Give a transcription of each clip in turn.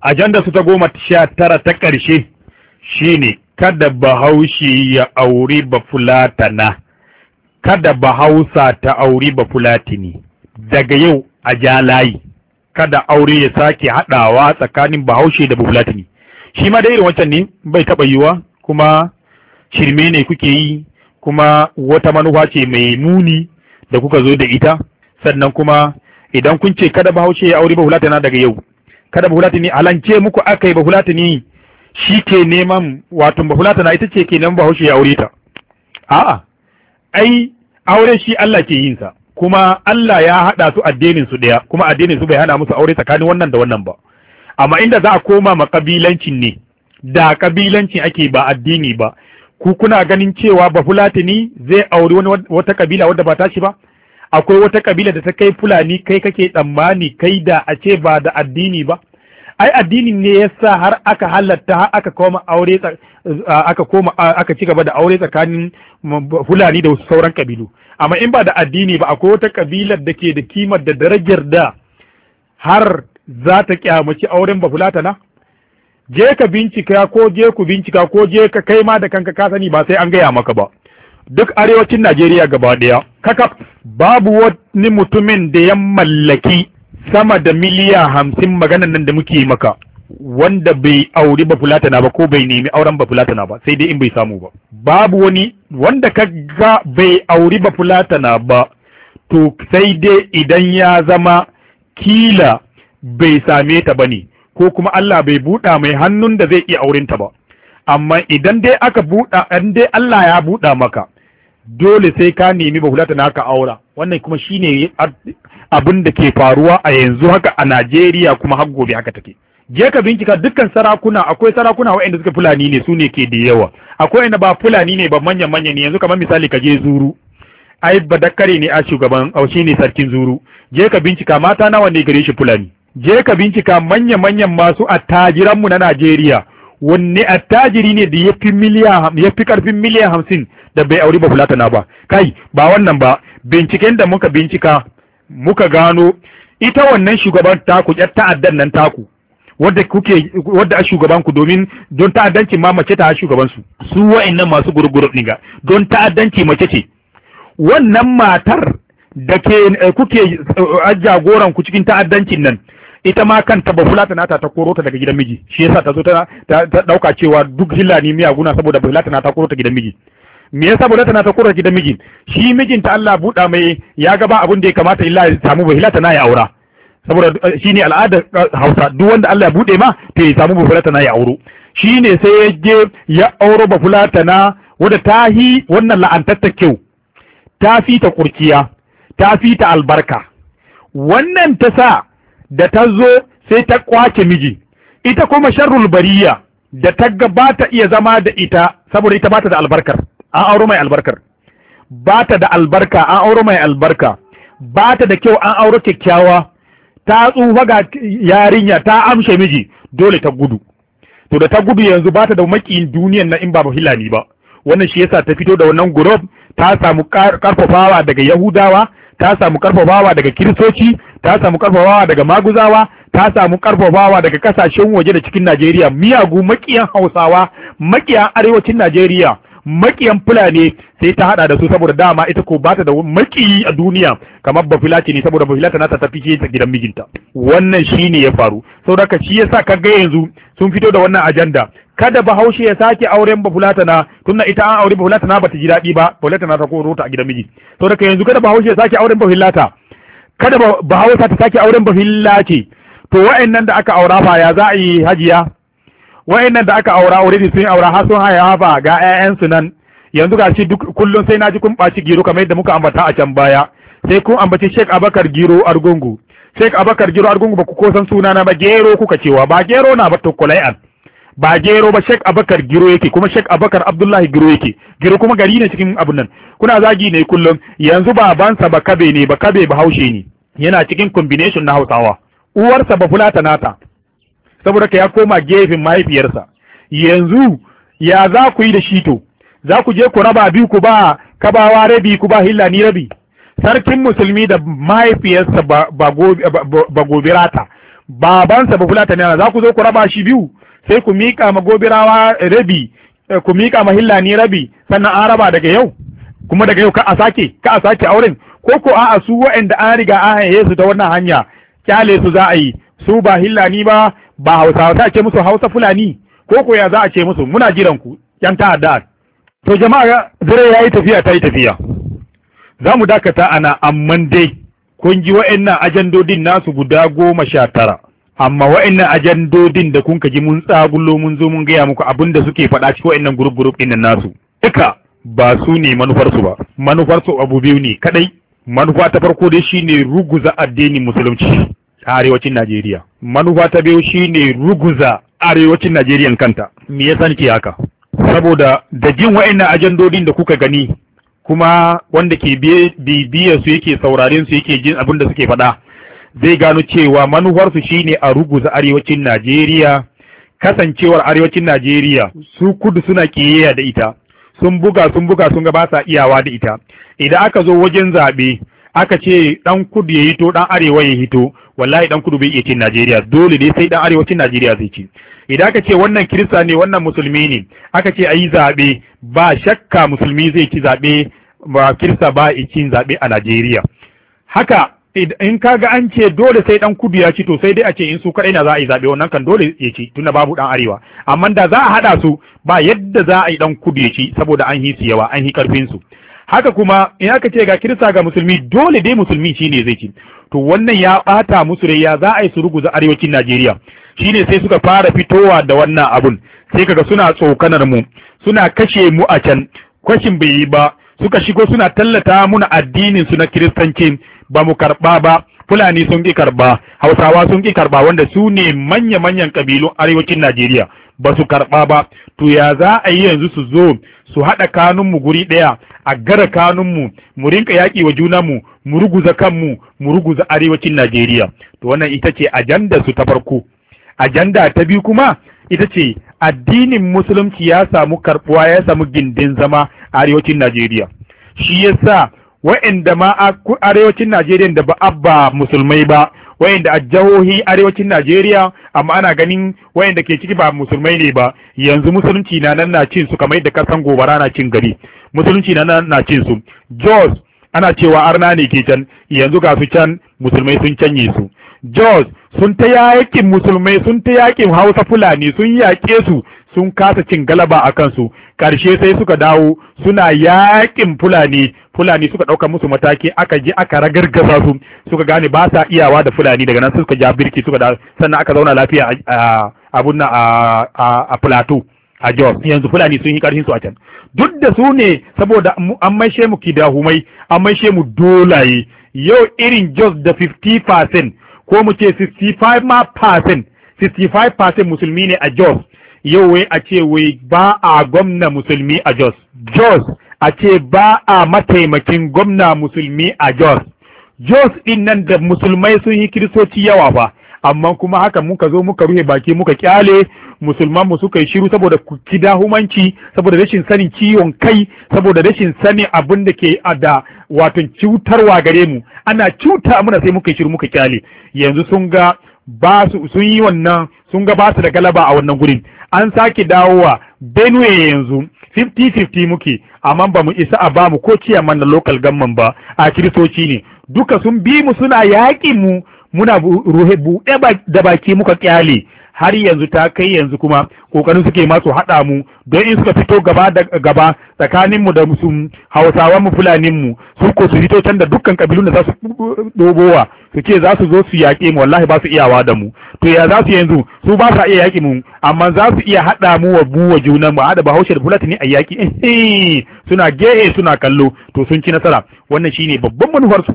ajanda su ta goma sha tara ta ƙarshe shine kada bahaushe ya auri bafulatana kada bahausa ta auri bafulatini daga yau a jalayi kada aure ya sake haɗawa tsakanin bahaushe da bafulatini shi ma da irin wancan ne bai taɓa yiwa kuma shirme ne kuke yi kuma wata manufa ce mai nuni da kuka zo da ita sannan kuma idan kun ce kada bahaushe ya aure bafulatana daga yau kada ba bahulatani alance muku aka yi hulata ni shi ke neman wato na ita ce ke neman bahaushe ya aure ta a'a ai aure shi Allah ke yin sa kuma Allah ya haɗa su addinin su ɗaya kuma addinin su bai hana musu aure tsakanin wannan da wannan ba amma inda za a koma ma kabilancin ne da kabilancin ake ba addini ba ku kuna ganin cewa ba bafulatani zai auri wani wata kabila wadda ba tashi ba akwai wata kabila da ta kai fulani kai kake tsammani kai da a ce ba da addini ba ai addinin ne ya sa har aka halatta har aka koma aure aka koma aka ci gaba da aure tsakanin fulani da sauran kabilu amma in ba da addini ba akwai wata kabilar da ke da kimar da darajar da har za ta kyamaci auren ba na? je ka bincika ko je ku bincika ko je ka kai ma da kanka ka sani ba sai an gaya maka ba duk arewacin Najeriya gaba ɗaya kakaf babu wani mutumin da ya mallaki sama da miliya hamsin maganan nan da muke maka wanda bai auri ba fulatana ba ko bai nemi auren ba fulatana ba sai dai in bai samu ba babu wani wanda ka ga bai auri ba fulatana ba to sai dai idan ya zama kila bai same ta ba ne ko kuma Allah bai buɗa mai hannun da zai iya aurinta ba amma idan dai aka buɗa in dai Allah ya buɗa maka dole sai ka nemi bahulata na ka aura wannan kuma shine abin da ke faruwa a yanzu haka a Najeriya kuma har gobe haka take je ka bincika dukkan sarakuna akwai sarakuna waɗanda suka fulani ne su ne ke da yawa akwai wanda ba fulani ne ba manya manya ne yanzu kamar misali ka je zuru ai ba dakkare ne a shugaban au ne sarkin zuru je ka bincika mata nawa ne gare shi fulani je ka bincika manya manyan masu attajiran mu na Najeriya wanne attajiri ne da ya fi miliyan ya fi karfin miliyan hamsin da bai auri ba na ba kai ba wannan ba binciken da muka bincika muka gano ita wannan shugaban taku yar ta'addan nan taku wadda kuke wadda a shugaban ku domin don ta'addanci ma mace ta shugaban su su wa'annan masu gurguru ne ga don ta'addanci mace ce wannan matar da ke eh, kuke eh, jagoran ku cikin ta'addancin nan ita ma kanta bahulata nata ta koro ta daga gidan miji shi yasa ta zo ta dauka cewa duk miya guna saboda bahulata nata koro ta gidan miji me yasa bahulata nata koro ta gidan miji shi mijinta Allah buɗa mai ya ga ba abin da ya kamata illa ya samu bahulata na ya aura saboda eh, shine al'ada eh, Hausa duk wanda Allah ya buɗe ma to ya samu bahulata na ya auro shine sai ya je ya auro bahulata na wanda ta hi wannan la'antatta kyau ta fi ta kurkiya ta fi ta albarka wannan ta sa da ta zo sai ta kwace miji ita kuma sharrul bariya da ta gabata iya zama da ita saboda ita bata da albarkar an auro mai albarkar bata da albarka an auro mai albarka bata da kyau an auro kyakkyawa ta tsufa ga yarinya ta amshe miji dole ta gudu to da ta gudu yanzu bata da makiyin duniyan na in ba hilani ba wannan shi yasa ta fito da wannan group ta samu karfafawa daga yahudawa ta samu karfafawa daga kiristoci ta samu karfafawa daga maguzawa ta samu karfafawa daga kasashen waje da cikin Najeriya miyagu makiyan Hausawa makiyan arewacin Najeriya makiyan Fulani sai ta hada da su saboda dama ita ko bata da makiyi a duniya kamar Bafilati ne saboda bafilata na ta ce ta gidan mijinta wannan shine ya faru saboda ka shi yasa ka ga yanzu sun fito da wannan ajanda kada bahaushe ya sake auren na tunda ita an aure na bata ji daɗi ba na ta koro ta a gidan miji saboda ka yanzu kada bahaushe ya sake auren bafilata kada ba hausa ta sake auren ba filla ce to wa'annan da aka aura fa ya za a yi hajiya wa'annan da aka aura already sun aura har sun haya ba, ga su nan yanzu ga shi duk kullun sai naji kun ɓaci giro kamar yadda muka ambata a can baya sai kun ambaci Sheikh Abakar Giro Argungu Sheikh Abakar Giro Argungu ba ku ko san suna na ba gero kuka cewa ba gero na ba to ba gero ba Sheikh Abakar Giro yake kuma Sheikh Abakar Abdullahi Giro yake Giro kuma gari ne cikin abun nan kuna zagi ne kullum yanzu babansa ba kabe ne ba kabe ba haushe ne yana cikin combination na hausawa uwarsa ba fulata nata saboda ka ya koma gefen mahaifiyarsa yanzu ya za ku yi da shi to za ku je ku raba biyu ku ba kabawa rabi ku ba hilla ni rabi sarkin musulmi da mahaifiyarsa ba gobirata babansa ba fulata nata za ku zo ku raba shi biyu sai ku miƙa ma gobirawa rabi eh, ku miƙa ma hilla ni rabi sannan an raba daga yau kuma daga yau ka a sake ka a sake auren ko ko a'a su wayanda an riga an haye su ta wannan hanya kyale su za a yi su ba ni ba ba hausawa ta ce musu hausa fulani ko ko ya za a ce musu muna jiran ku yan ta'adda to jama'a zure yayi tafiya ta yi tafiya za mu dakata ana amman dai kun ji wa'annan ajandodin nasu guda goma sha tara amma wa'annan ajandodin da kun ji mun tsagullo mun zo mun gaya muku abin da suke faɗa cikin wa'annan gurup gurup ɗin nasu duka ba su ne manufarsu ba manufarsu abu biyu ne kaɗai manufa ta farko dai shine ruguza addinin musulunci a arewacin Najeriya manufa ta biyu shine ruguza arewacin Najeriya kanta me yasa nake haka saboda da jin wa'annan ajandodin da kuka gani kuma wanda ke bibiyar su yake sauraren su yake jin abin da suke faɗa zai gano cewa manufar manufarsu shine a ruguza arewacin Najeriya kasancewar arewacin Najeriya su kudu suna kiyaye da ita sun buga sun buga sun ga ba sa iyawa da ita idan aka zo wajen zaɓe aka ce ɗan kudu ya hito ɗan arewa ya hito wallahi ɗan kudu bai iya cin Najeriya dole ne sai ɗan arewacin Najeriya zai ci idan aka ce wannan kirista ne wannan musulmi ne aka ce a yi zaɓe ba shakka musulmi zai ci zaɓe ba kirista ba cin zaɓe a Najeriya haka in kaga an ce dole sai ɗan kudu ya ci to sai dai a ce in su kaɗai na za a yi zaɓe wannan kan dole ya ci tunda babu ɗan arewa amma da za a haɗa su ba yadda za a yi ɗan kudu ya ci saboda an hi su yawa an hi karfin su haka kuma in aka ce ga kirista ga musulmi dole dai musulmi shine zai ci to wannan ya bata musu rai ya za a yi su ruguza arewacin Najeriya shine sai suka fara fitowa da wannan abun sai kaga suna tsokanar mu suna kashe mu a can kwashin bai yi ba suka shigo suna tallata muna addinin su na kiristanci ba mu karba ba fulani sun ki karba hausawa sun ki karba wanda su ne manya-manyan kabilun arewacin Najeriya ba su karba ba to ya za a yi yanzu su zo su haɗa kanunmu guri ɗaya a gara kanunmu mu rinka yaƙi wa junanmu mu mu ruguza kanmu mu ruguza arewacin najeriya to wannan ita ce ajanda su ta farko ajanda ta biyu kuma ita ce addinin musulunci ya samu karɓuwa ya samu gindin zama a arewacin najeriya shi yasa wa'inda ma arewacin najeriya da ba abba musulmai ba wayanda a jahohi arewacin Najeriya amma ana ganin wayanda ke ciki ba musulmai ne ba yanzu musulunci na nan na cin su kamar yadda kasan gobara na cin gari musulunci na nan na cin su Jos ana cewa arna ne ke can yanzu ga su can musulmai sun canye su Jos sun ta yakin musulmai sun ta yakin Hausa Fulani sun yaƙe su sun kasa cin galaba a kansu ƙarshe sai suka dawo suna yakin fulani fulani suka ɗauka musu mataki aka je aka ragargaza su suka gane ba sa iyawa da fulani daga nan suka ja birki suka dawo sannan aka zauna lafiya a a a plateau a Jos yanzu Fulani sun yi ƙarfin su a can duk da su ne saboda an maishe mu kidahumai an maishe mu dolaye yau irin Jos da 50% ko mu ce 65 ma percent 65 musulmi ne a Jos yau wai a ce wai ba a gwamna musulmi a Jos Jos a ce ba a mataimakin gwamna musulmi a Jos Jos din nan da musulmai sun yi kiristoci yawa fa amma kuma haka muka zo muka rufe baki muka kyale musulman mu suka yi shiru saboda kida humanci saboda rashin sanin ciwon kai saboda rashin sanin abin da ke da wato cutarwa gare mu ana cuta muna sai muka yi shiru muka kyale yanzu sun ga ba su yi wannan sun ga ba su da galaba a wannan gurin an sake dawowa benue yanzu 50-50 muke amma ba mu isa a ba mu ko ciyar mana local gamman ba a kiristoci ne duka sun bi mu suna yaƙi mu muna buɗe da baki muka ƙyale. har yanzu ta kai yanzu kuma kokarin suke masu haɗa mu don in suka fito gaba da gaba tsakanin mu da su hausawa mu fulanin mu su ko su fito can da dukkan kabilun da za su ɗobowa su ce za su zo su yaƙe mu wallahi ba su iyawa da mu to ya za su yanzu su ba sa iya yaƙi mu amma za su iya haɗa mu wa buwa juna mu haɗa bahaushe da ne a yaƙi suna gehe suna kallo to sun ci nasara wannan shine babban manufarsu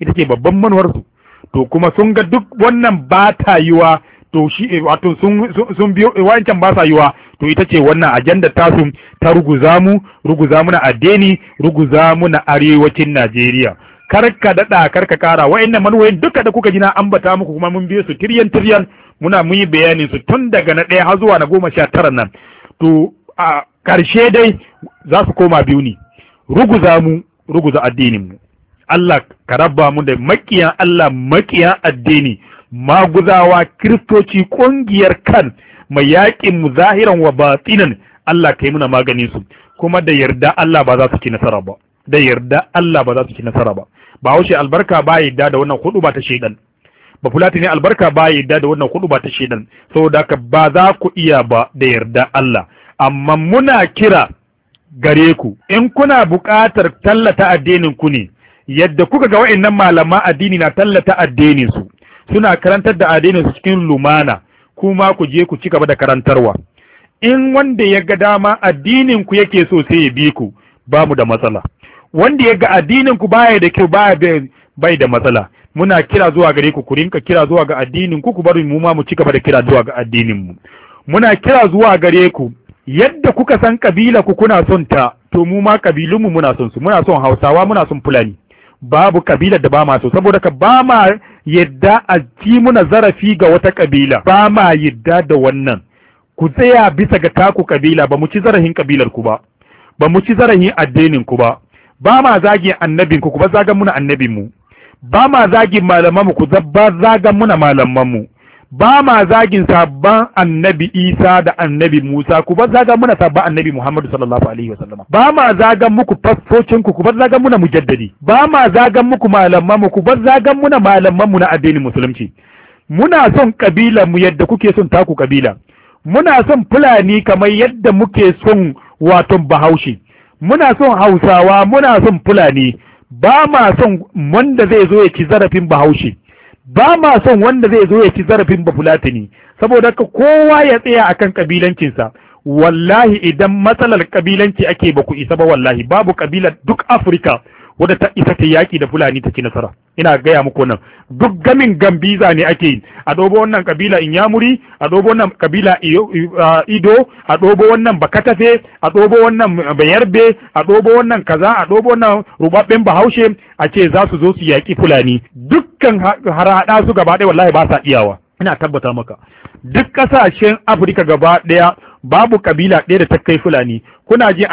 ita ce babban manufarsu to kuma sun ga duk wannan ba ta yiwa to shi eh, wato sun biyo eh, wa'ancan ba sa yiwa to ita ce wannan ajandar tasu ta ruguza mu ruguza mu na addini ruguza mu na arewacin Najeriya karka daɗa karka kara wa'annan manuwayin duka da kuka ji na ambata muku kuma mun biyo su tiryan tiryan muna mun yi bayanin su tun daga na ɗaya har zuwa na goma sha tara nan to a karshe dai za su koma biyu ne ruguza mu ruguza addinin mu Allah ka rabba mu da makiyan Allah makiyan addini maguzawa kiristoci ƙungiyar kan mai yaƙin mu zahiran wa batinan Allah ka yi muna maganin su kuma da yarda Allah ba za su ci nasara ba da yarda Allah ba za su ci nasara ba ba haushe albarka ba yarda da wannan hudu ba ta shaidan. ba fulati ne albarka ba yarda da wannan hudu ba ta Sau saboda ka ba za ku iya ba da yarda Allah amma muna kira gare ku in kuna buƙatar tallata addinin ku ne yadda kuka ga wa'annan malama addini na tallata addinin su suna karantar da addinin su cikin lumana kuma ku je ku ci gaba da karantarwa in wanda ya ga dama addinin ku yake so sai ya bi ku ba mu da matsala wanda ya ga addinin ku baya da kyau baya bai da matsala muna kira zuwa gare ku ku rinka kira zuwa ga addinin ku ku bari mu ma mu ci gaba da kira zuwa ga addinin mu muna kira zuwa gare ku yadda kuka san kabila ku kuna son ta to mu ma kabilun mu muna son su muna son Hausawa muna son Fulani babu kabila da ba ma so saboda ka ba ma yadda a ci muna zarafi ga wata kabila ba ma yadda da wannan ku tsaya bisa ga taku kabila ba mu ci zarafin kabilar ku ba ba mu ci zarafin addinin ku ba ba ma zagin annabin ku ba zagan muna annabin mu ba ma zagin malaman mu ku zabba zagan muna malaman mu ba ma zagin sabban annabi isa da annabi musa ku ba zagan muna sabban annabi muhammadu sallallahu alaihi sallama ba ma zagan muku fassocin ku ku bar zagan muna mujaddadi ba ma zagan muku malaman mu ku ba zagan muna malaman mu na addinin musulunci muna son kabila mu yadda kuke son taku kabila muna son fulani kamar yadda muke son waton bahaushe muna son hausawa muna son fulani ba ma son wanda zai zo ya ci zarafin bahaushe ba ma son wanda zai zo ya ci zarafin bafulatani saboda ka kowa ya tsaya akan kabilancinsa wallahi idan matsalar kabilanci ake baku isa ba wallahi babu kabilar duk afirka wadda ta isa ta yaƙi da fulani ta ci nasara ina gaya muku nan. duk gamin gambiza ne ake yi a ɗobo wannan kabila yamuri a ɗobo wannan kabila uh, ido a ɗobo wannan bakatafe a ɗobo wannan bayarbe a ɗobo wannan kaza a ɗobo wannan rubabben bahaushe a ce za su zo su yaƙi fulani dukkan haraɗa su gaba ɗaya wallahi ba sa iyawa ina tabbata maka duk ƙasashen afirka gaba ɗaya babu kabila ɗaya da ta kai fulani kuna ji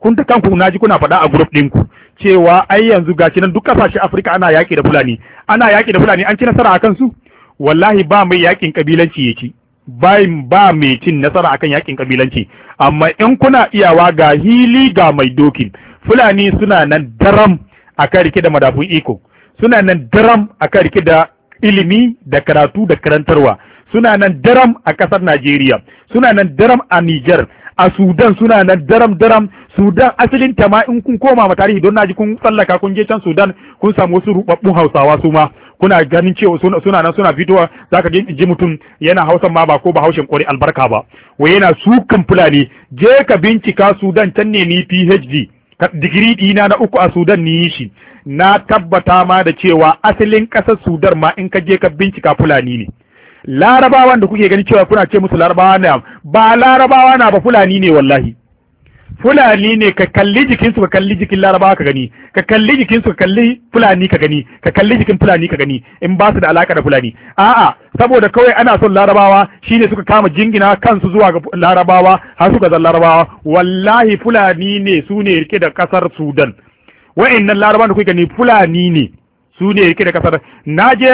kun ta kanku ji kuna faɗa a group ɗinku cewa ai yanzu gashi nan duk kasashe Afirka ana yaki da Fulani ana yaki da Fulani an ci nasara akan su wallahi ba mai yakin kabilanci yake ba ba mai cin nasara akan yakin kabilanci amma in kuna iyawa ga hili ga mai dokin Fulani suna nan daram akan rike da madafun iko suna nan daram akan rike da ilimi da karatu da karantarwa suna nan daram a kasar Najeriya suna nan daram a Niger a Sudan suna nan daram daram Sudan asalin ta ma in kun koma ma tarihi don naji kun tsallaka kun je can Sudan kun samu wasu rubabbun Hausawa su ma kuna ganin cewa suna nan suna fitowa zaka ji mutum yana hausa ma ba ko ba Haushin kore albarka ba wai yana sukan Fulani je ka bincika Sudan can ne ni PhD digiri dina na uku a Sudan ni yi shi na tabbata ma da cewa asalin ƙasar Sudan ma in ka je ka bincika Fulani ne larabawan da kuke gani cewa kuna ce musu larabawa na ba larabawa na ba fulani ne wallahi fulani ne ka kalli jikinsu ka kalli jikin larabawa ka gani ka kalli jikinsu ka kalli fulani ka gani ka kalli jikin fulani ka gani in ba su da alaka da fulani a'a saboda kawai ana son larabawa shine suka kama jingina kansu zuwa ga larabawa har suka zan larabawa wallahi fulani ne su ne rike da kasar sudan wa'annan larabawa da kuke gani fulani ne su ne rike da kasar naje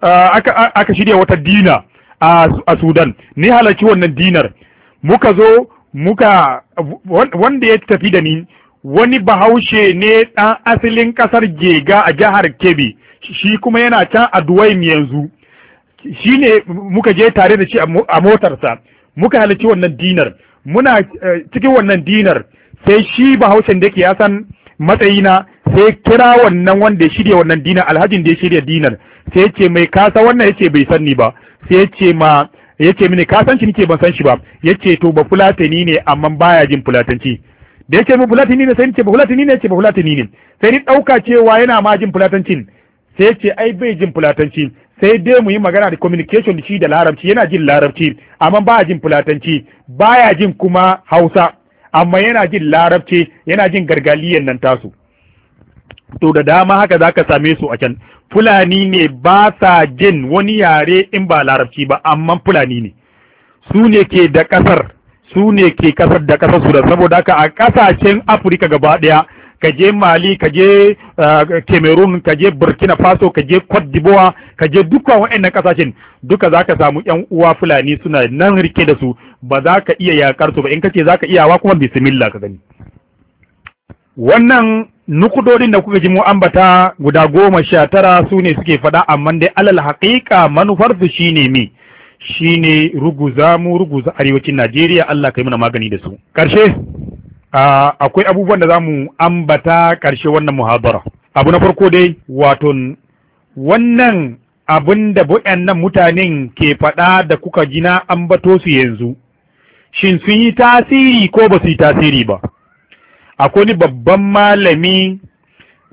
aka shirya wata dina a sudan ni halarci wannan dinar muka zo muka wanda ya tafi da ni wani bahaushe ne ɗan asalin ƙasar gega a jihar kebbi shi kuma yana can a duwaim yanzu shi ne muka je tare da shi a motarsa muka halarci wannan dinar muna eh, cikin wannan dinar sai shi bahaushen da ke ya san matsayina sai kira wannan wanda ya shirya wannan dinar alhajin da ya shirya dinar sai ce mai kasa wannan ya ce bai sanni ba sai ya ce ma yace mini ka san shi nike ban san shi ba yace to ba fulatani ne amma baya jin fulatanci da yace min fulatani ne sai nace ba fulatani ne yace ba fulatani ne sai ni dauka cewa yana ma jin fulatancin sai yace ai bai jin fulatanci sai dai mu yi magana da communication da shi da larabci yana jin larabci amma baya jin fulatanci baya jin kuma Hausa amma yana jin larabci yana jin gargaliyan nan tasu to da dama haka zaka same su a can fulani ne ba sa jin wani yare in ba larabci ba amma fulani ne su ne ke da kasar su ne ke kasar da kasar su da saboda ka a kasashen afirka gaba daya ka je mali ka je eh, cameroon ka je burkina faso ka je cote d'ivoire ka je duka wa'annan kasashen duka zaka samu yan uwa fulani suna nan rike da su ba za ka iya yakar su ba in kace za ka iyawa kuma bismillah ka gani wannan nukudodin da kuka ji mu ambata guda goma sha tara su ne suke faɗa amma dai alal haƙiƙa manufar su shine me shine ruguza mu ruguza arewacin Najeriya Allah kai mana magani da su karshe akwai abubuwan da zamu ambata karshe wannan muhabara abu na farko dai wato wannan abin da waɗannan mutanen ke faɗa da kuka ji na ambato su yanzu shin sun yi tasiri ko ba su yi tasiri ba akwai babban malami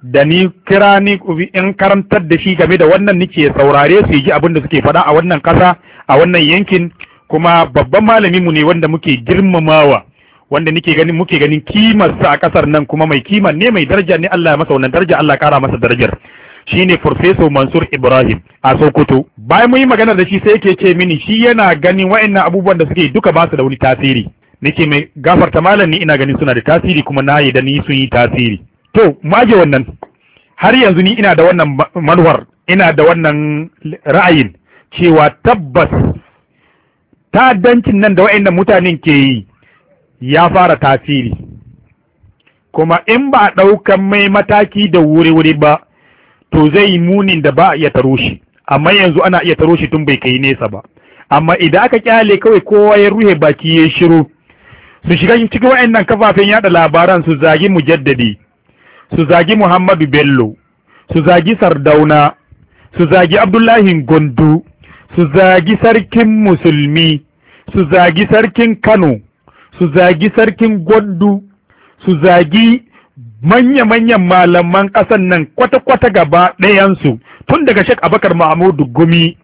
da ni kira ni in karantar da shi game da wannan nike saurare su yi abin da suke faɗa a wannan kasa, a wannan yankin kuma babban malami mu ne wanda muke girmamawa wanda nike ganin muke ganin sa a ƙasar nan kuma mai kima ne mai daraja ne Allah ya masa wannan daraja Allah ƙara masa darajar shine Professor Mansur Ibrahim a Sokoto bayan mu yi magana da shi sai yake ce mini shi yana ganin wa'annan abubuwan da suke duka ba su da wani tasiri nake mai gafarta malam ni ina ganin suna da tasiri kuma na yi da ni sun yi tasiri to mage wannan har yanzu ni ina da wannan manuwar ina da wannan ra'ayin cewa tabbas ta'addancin nan da wa'annan mutanen ke yi ya fara tasiri kuma in ba a ɗaukan mai mataki da wuri-wuri ba to zai yi munin da ba a iya taro shi amma yanzu ana iya taro shi tun bai kai nesa ba amma idan aka kyale kawai kowa ya ruhe baki ya shiru su shiga cikin wa'annan kafafen yada labaran su zagi mujaddadi su zagi muhammadu bello su zagi sardauna su zagi abdullahi gondu su zagi sarkin musulmi su zagi sarkin kano su zagi sarkin gondu su zagi manya-manyan malaman ƙasan nan kwata-kwata gaba ɗayansu tun daga shek abakar mahmudu gumi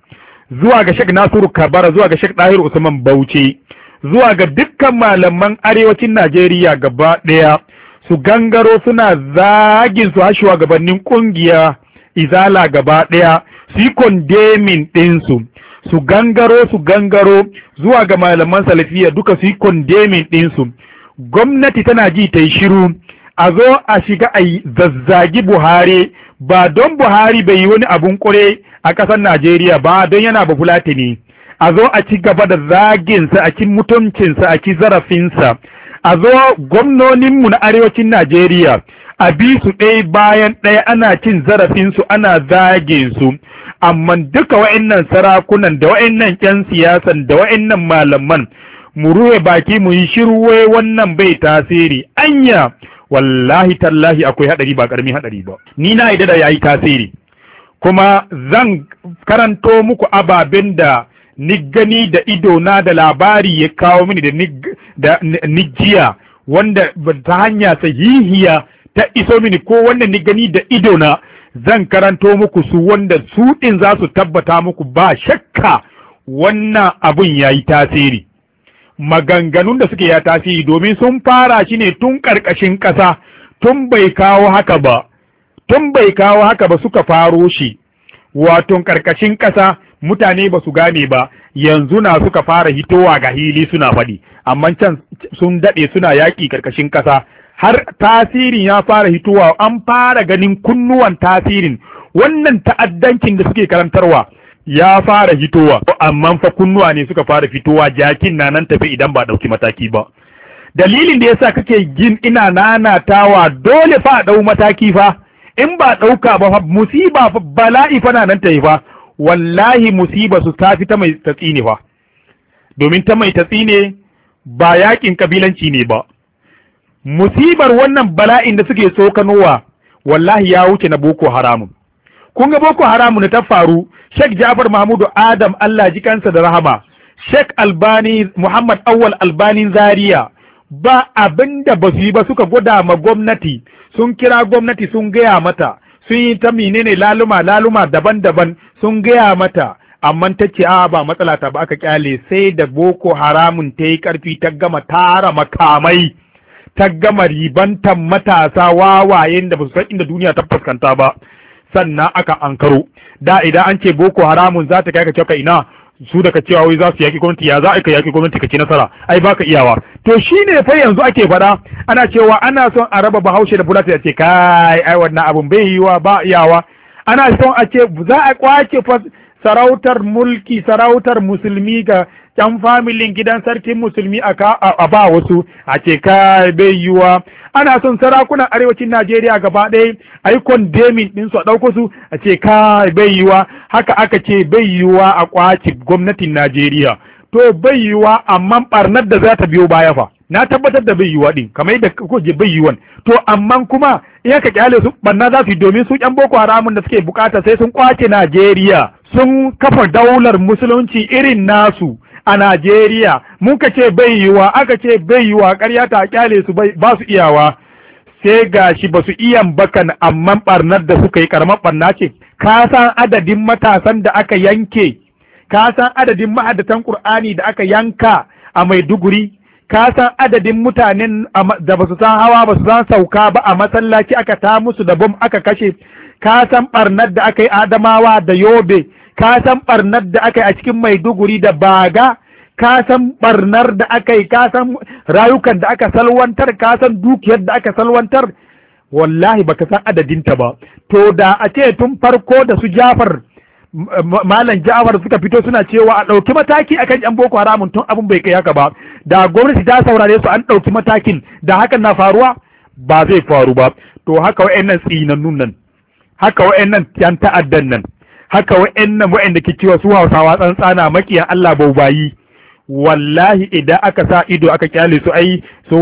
zuwa ga shek nasiru kabara zuwa ga shek ɗahiru usman bauchi zuwa ga dukkan malaman arewacin Najeriya gaba ɗaya su gangaro suna zagin su hashewa gabanin ƙungiya izala gaba ɗaya su yi kondemin ɗinsu su gangaro su gangaro zuwa ga malaman salafiya duka su yi kondemin ɗinsu gwamnati tana ji ta yi shiru a zo a shiga a zazzagi buhari ba don buhari bai yi wani abun kure a ƙasar najeriya ba don yana Bafulatini. a zo a ci gaba da zaginsa a ci mutuncinsa a ci zarafinsa a zo gwamnoninmu na arewacin najeriya a bi su ɗaya bayan ɗaya ana cin zarafinsu ana zaginsu amma duka wa'annan sarakunan da wa'annan 'yan siyasan da wa'annan malaman mu ruwe baki mu yi shirwe wannan bai tasiri anya wallahi tallahi akwai haɗari ba ƙaramin haɗari ba ni na ya yi tasiri kuma zan karanto muku ababen da ni gani da ido na da labari ya kawo mini da nijiya wanda ta hanya sahihiya ta iso mini ko wanda ni gani da ido na zan karanto muku su wanda su ɗin za su tabbata muku ba shakka wannan abun ya yi tasiri maganganun da suke ya tasiri domin sun fara shi ne tun ƙarƙashin ƙasa tun bai kawo haka ba tun bai kawo haka ba suka faro shi waton ƙarƙashin ƙasa mutane ba su gane ba yanzu na suka fara hitowa ga hili suna faɗi amma can sun daɗe suna yaƙi ƙarƙashin ƙasa har tasirin ya fara hitowa an fara ganin kunnuwan tasirin wannan ta'addancin da suke karantarwa ya fara hitowa amma fa kunnuwa ne suka fara fitowa jakin na nan tafi idan ba ɗauki mataki ba dalilin da yasa kake gin ina nanatawa dole fa a ɗau mataki fa in ba ɗauka ba musiba fa bala'i fa na nan tafi fa wallahi musiba su ta fi ta mai tatsi ne fa domin ta mai tatsi ne ba yakin kabilanci ne ba musibar wannan bala'in da suke tsokanowa wallahi ya wuce na boko haramun kun ga boko haramun na ta faru Sheikh Jafar Mahmudu Adam Allah ji kansa da rahama Sheikh Albani Muhammad Awwal Albani Zaria ba abinda ba su yi ba suka gwada ma gwamnati sun kira gwamnati sun gaya mata sun yi ta menene laluma laluma daban-daban sun gaya mata amma ta ce a ba matsala ta ba aka kyale sai da boko haramun ta yi karfi ta gama tara makamai ta gama ribantan matasa wawayen da ba su san inda duniya ta fuskanta ba sannan aka ankaro da idan an ce boko haramun za ta kai ka ina su daga cewa wai za su yaki gwamnati ya za a ka yaki gwamnati ka ci nasara ai baka iyawa to shine fa yanzu ake faɗa ana cewa ana son a raba bahaushe da bulata. ya ce kai ai wannan abun bai yiwa ba iyawa ana son a ce za a kwace sarautar mulki sarautar musulmi ga yan familin gidan sarkin musulmi a ba wasu a ce kai bai yiwa ana son sarakunan arewacin najeriya gaba ɗaya a yi kondemin ɗinsu a ɗauko su a ce kai bai yiwa haka aka ce bai yiwuwa a kwace gwamnatin Najeriya to bai yiwuwa amma barnar da za ta biyo baya fa na tabbatar da bai yiwuwa din kamar yadda kuke bai yiwuwan to amma kuma in aka kyale su barna za su yi domin su ƴan boko haramun da suke bukata sai sun kwace Najeriya sun kafa daular musulunci irin nasu a Najeriya muka ce bai yiwuwa aka ce bai yiwuwa ƙarya ta kyale su ba su iyawa sai gashi ba su iyan bakan amma ɓarnar da suka yi karamar barna ce ka san adadin matasan da aka yanke ka san adadin ma'adatan ƙur'ani da aka yanka a maiduguri ka san adadin mutanen da ba su san hawa ba su san sauka ba a masallaci aka ta musu da bom aka kashe ka san barnar da aka yi adamawa da yobe ka san barnar da aka yi a cikin maiduguri da baga ka san barnar da aka yi ka san rayukan da aka salwantar ka san dukiyar da aka salwantar wallahi baka san adadin ta ba to da a ce tun farko da su jafar malam Jafar suka fito suna cewa a ɗauki mataki akan yan boko haramun tun abin bai kai haka ba da gwamnati ta saurare su an ɗauki matakin da hakan na faruwa ba zai faru ba to haka wa'annan tsinannun nan haka wa'annan yan ta'addan nan haka wa'annan wa'anda ke cewa su Hausawa tsantsana makiyan Allah bayi wallahi idan aka sa ido aka kyale su ai so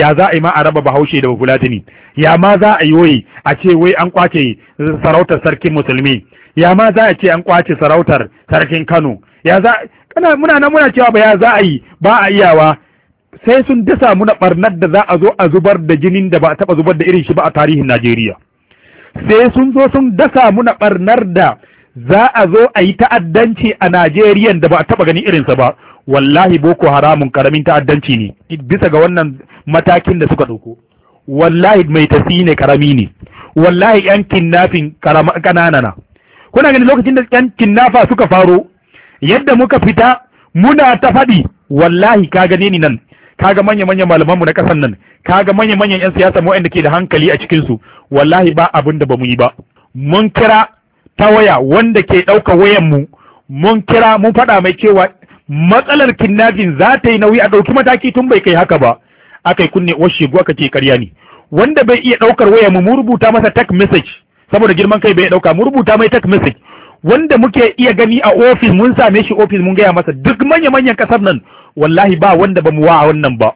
ya za a yi ma a raba bahaushe da bafulatini ya ma za a yi wai a ce wai an kwace sarautar sarkin musulmi ya ma za a ce an kwace sarautar sarkin kano ya za kana muna nan muna cewa ba ya za a yi ba a iyawa sai sun dasa muna barnar da za a zo a zubar da jinin da ba a taba zubar da irin shi ba a tarihin Najeriya sai sun zo sun dasa muna barnar da za a zo a yi ta'addanci a Najeriya da ba a taba ganin irinsa ba wallahi boko haramun karamin ta'addanci ne bisa ga wannan matakin da suka ɗauko wallahi mai tasi ne karami ne wallahi yan kinnafin kananana kuna gani lokacin da yan kinnafa suka faro yadda muka fita muna ta faɗi wallahi ka gane ni nan kaga manya manyan malaman mu na kasan nan kaga manya manyan yan siyasa mu wanda ke da hankali a cikin su wallahi ba abin da bamu yi ba mun kira ta waya wanda ke ɗauka wayan mu mun kira mun faɗa mai cewa matsalar kidnapping za ta yi nauyi a ɗauki mataki tun bai kai haka ba aka yi kunne uwar shegu aka ce karya ne wanda bai iya ɗaukar waya mu rubuta masa text message saboda girman kai bai ɗauka mu rubuta mai text message wanda muke iya gani a ofis mun same shi ofis mun gaya masa duk manya-manyan kasar nan wallahi ba wanda ba mu wa a wannan ba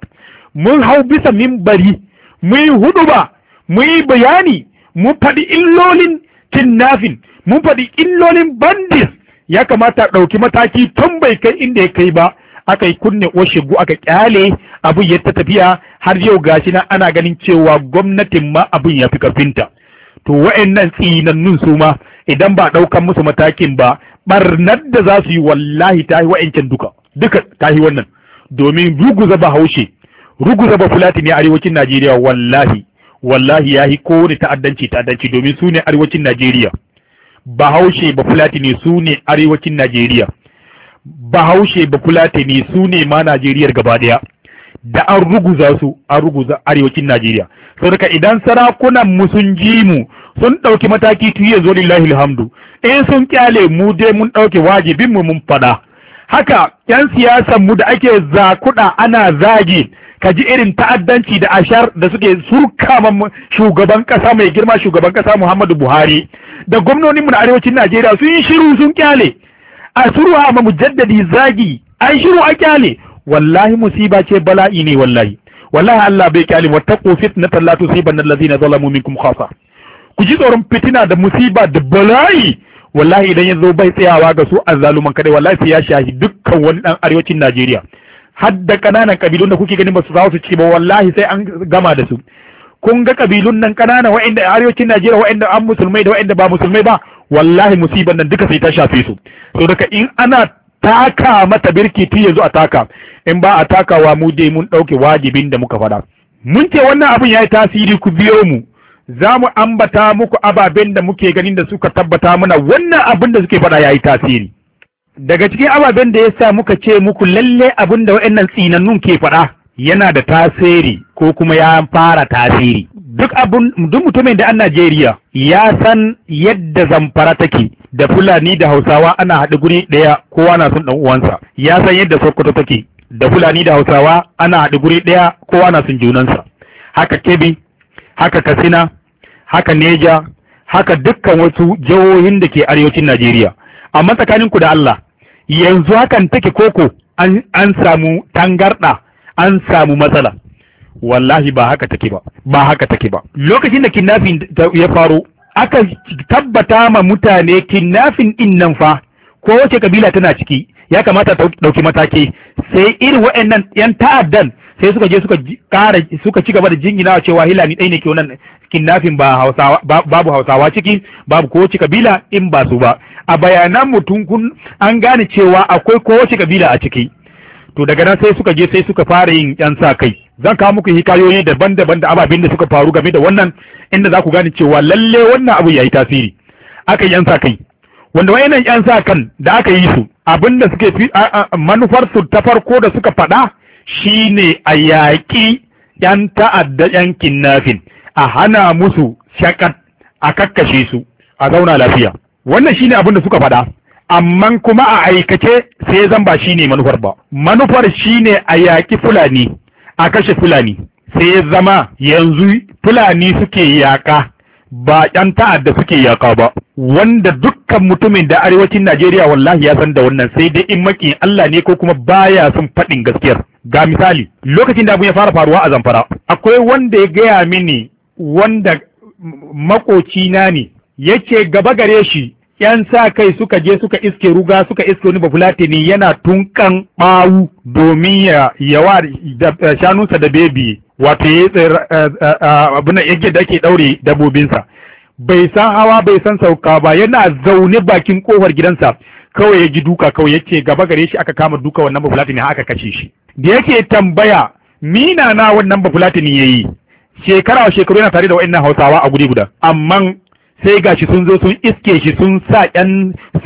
mun hau bisa mimbari mu yi hudu ba mu yi bayani mu faɗi illolin kinnafin mun faɗi illolin bandis ya kamata a ɗauki mataki tun bai kai inda ya kai ba aka yi kunne washegu aka kyale abin ya ta tafiya har yau gashi na ana ganin cewa gwamnatin ma abin ya fi karfinta to wa'annan tsinannun su ma idan ba ɗaukan musu matakin ba barnar da za su yi wallahi ta yi wa'ancan duka duka ta yi wannan domin ruguza ba haushe ruguza ba fulati ne arewacin najeriya wallahi wallahi ya yi kowane ta'addanci ta'addanci domin su ne arewacin najeriya bahaushe ba fulatini su ne arewacin najeriya bahaushe ba fulatini su ne ma najeriyar gaba daya da an ruguza su an ruguza arewacin najeriya daga idan sarakunan mu sun ji mu sun ɗauki mataki tuye zo lillahi alhamdu in sun kyale mu dai mun ɗauke wajibin mu mun faɗa haka yan siyasan mu da ake zakuɗa ana zagi ka ji irin ta'addanci da ashar da suke surka shugaban ƙasa mai girma shugaban ƙasa Muhammadu Buhari da gwamnoninmu na arewacin najeriya sun yi shiru sun kyale a shiru a ma mujaddadi zagi an shiru a kyale wallahi musiba ce bala'i ne wallahi wallahi Allah bai kyale wa taqu fitnatan la tusibanna allazina zalamu minkum khassa ku ji tsoron fitina da musiba da bala'i wallahi idan yazo bai tsayawa ga su azzaluman kadai wallahi sai ya shahi dukkan wani dan arewacin Najeriya hadda kananan kabilun da kuke ganin ba su za su ci ba wallahi sai an gama da su kun ga kabilun nan kanana wa'inda a arewacin Najeriya wa'inda an musulmai da wa'inda ba musulmai ba wallahi musiban nan duka sai ta shafe su so daga in ana taka mata birki tun yanzu a taka in ba a takawa mu dai mun dauke wajibin da muka fada mun ce wannan abin yayi tasiri ku biyo mu za mu ambata muku ababen da muke ganin da suka tabbata mana wannan abin da suke fada yayi tasiri daga cikin ababen da ya sa muka ce muku lalle abin da wa'annan tsinannun ke faɗa. yana da tasiri ko kuma ya fara tasiri duk abun duk mutumin da an Najeriya ya san yadda zamfara take da Fulani da Hausawa ana haɗu guri ɗaya kowa na son ɗan uwansa ya san yadda Sokoto take da Fulani da Hausawa ana haɗu guri ɗaya kowa na son junansa haka Kebbi haka Katsina haka Neja haka dukkan wasu jihohin da ke arewacin Najeriya amma tsakaninku da Allah yanzu hakan take koko an samu tangarɗa an samu matsala wallahi ba haka take ba ba haka take ba lokacin da kinnafin ya faro aka tabbata ma mutane kinnafin din nan fa ko wace kabila tana ciki ya kamata ta dauki mataki sai irin waɗannan yan ta'addan sai suka je suka kara suka ci gaba da jinginawa cewa hilani ɗaya ne ke wannan Kinnafin ba hausawa babu hausawa ciki babu ko wace kabila in ba su ba a bayanan mutum kun an gane cewa akwai ko wace kabila a ciki to daga nan sai suka je sai suka fara yin yan sa kai zan kawo muku hikayoyi daban-daban da ababin da suka faru game da wannan inda za ku gane cewa lalle wannan abu yi tasiri aka yi yan sa kai wanda wayannan yan sa kan da aka yi su abin abinda suke manufar su ta farko da suka faɗa shine a yaƙi yan ta'adda yan kinnafin a hana musu shakat a kakkashe su a zauna lafiya wannan shine abin da suka faɗa amman kuma a aikace sai zan ba shine manufar ba manufar shine a yaƙi fulani a kashe fulani sai zama yanzu fulani suke yaƙa ba ƴan ta'adda suke yaƙa ba wanda dukkan mutumin da arewacin Najeriya wallahi ya san da wannan sai dai in makin Allah ne ko kuma baya son faɗin gaskiyar ga misali lokacin da abin ya fara faruwa a Zamfara akwai wanda ya gaya mini wanda makoci na ne yace gaba gare shi 'yan sa kai suka je suka iske ruga suka iske wani bafulatini yana tunkan ɓawu domin ya yawa shanunsa da bebi wato ya eh, eh, eh, abin yake da ake ɗaure dabobinsa bai san hawa bai san sauka ba yana zaune bakin kofar gidansa kawai ya ji duka kawai ya ce gaba gare shi aka kama duka wannan bafulatini aka kashe shi da yake tambaya mina na wannan bafulatini ya yi shekara shekaru yana tare da wa'annan hausawa a guri guda amman sai ga shi sun zo sun iske shi sun sa ƴan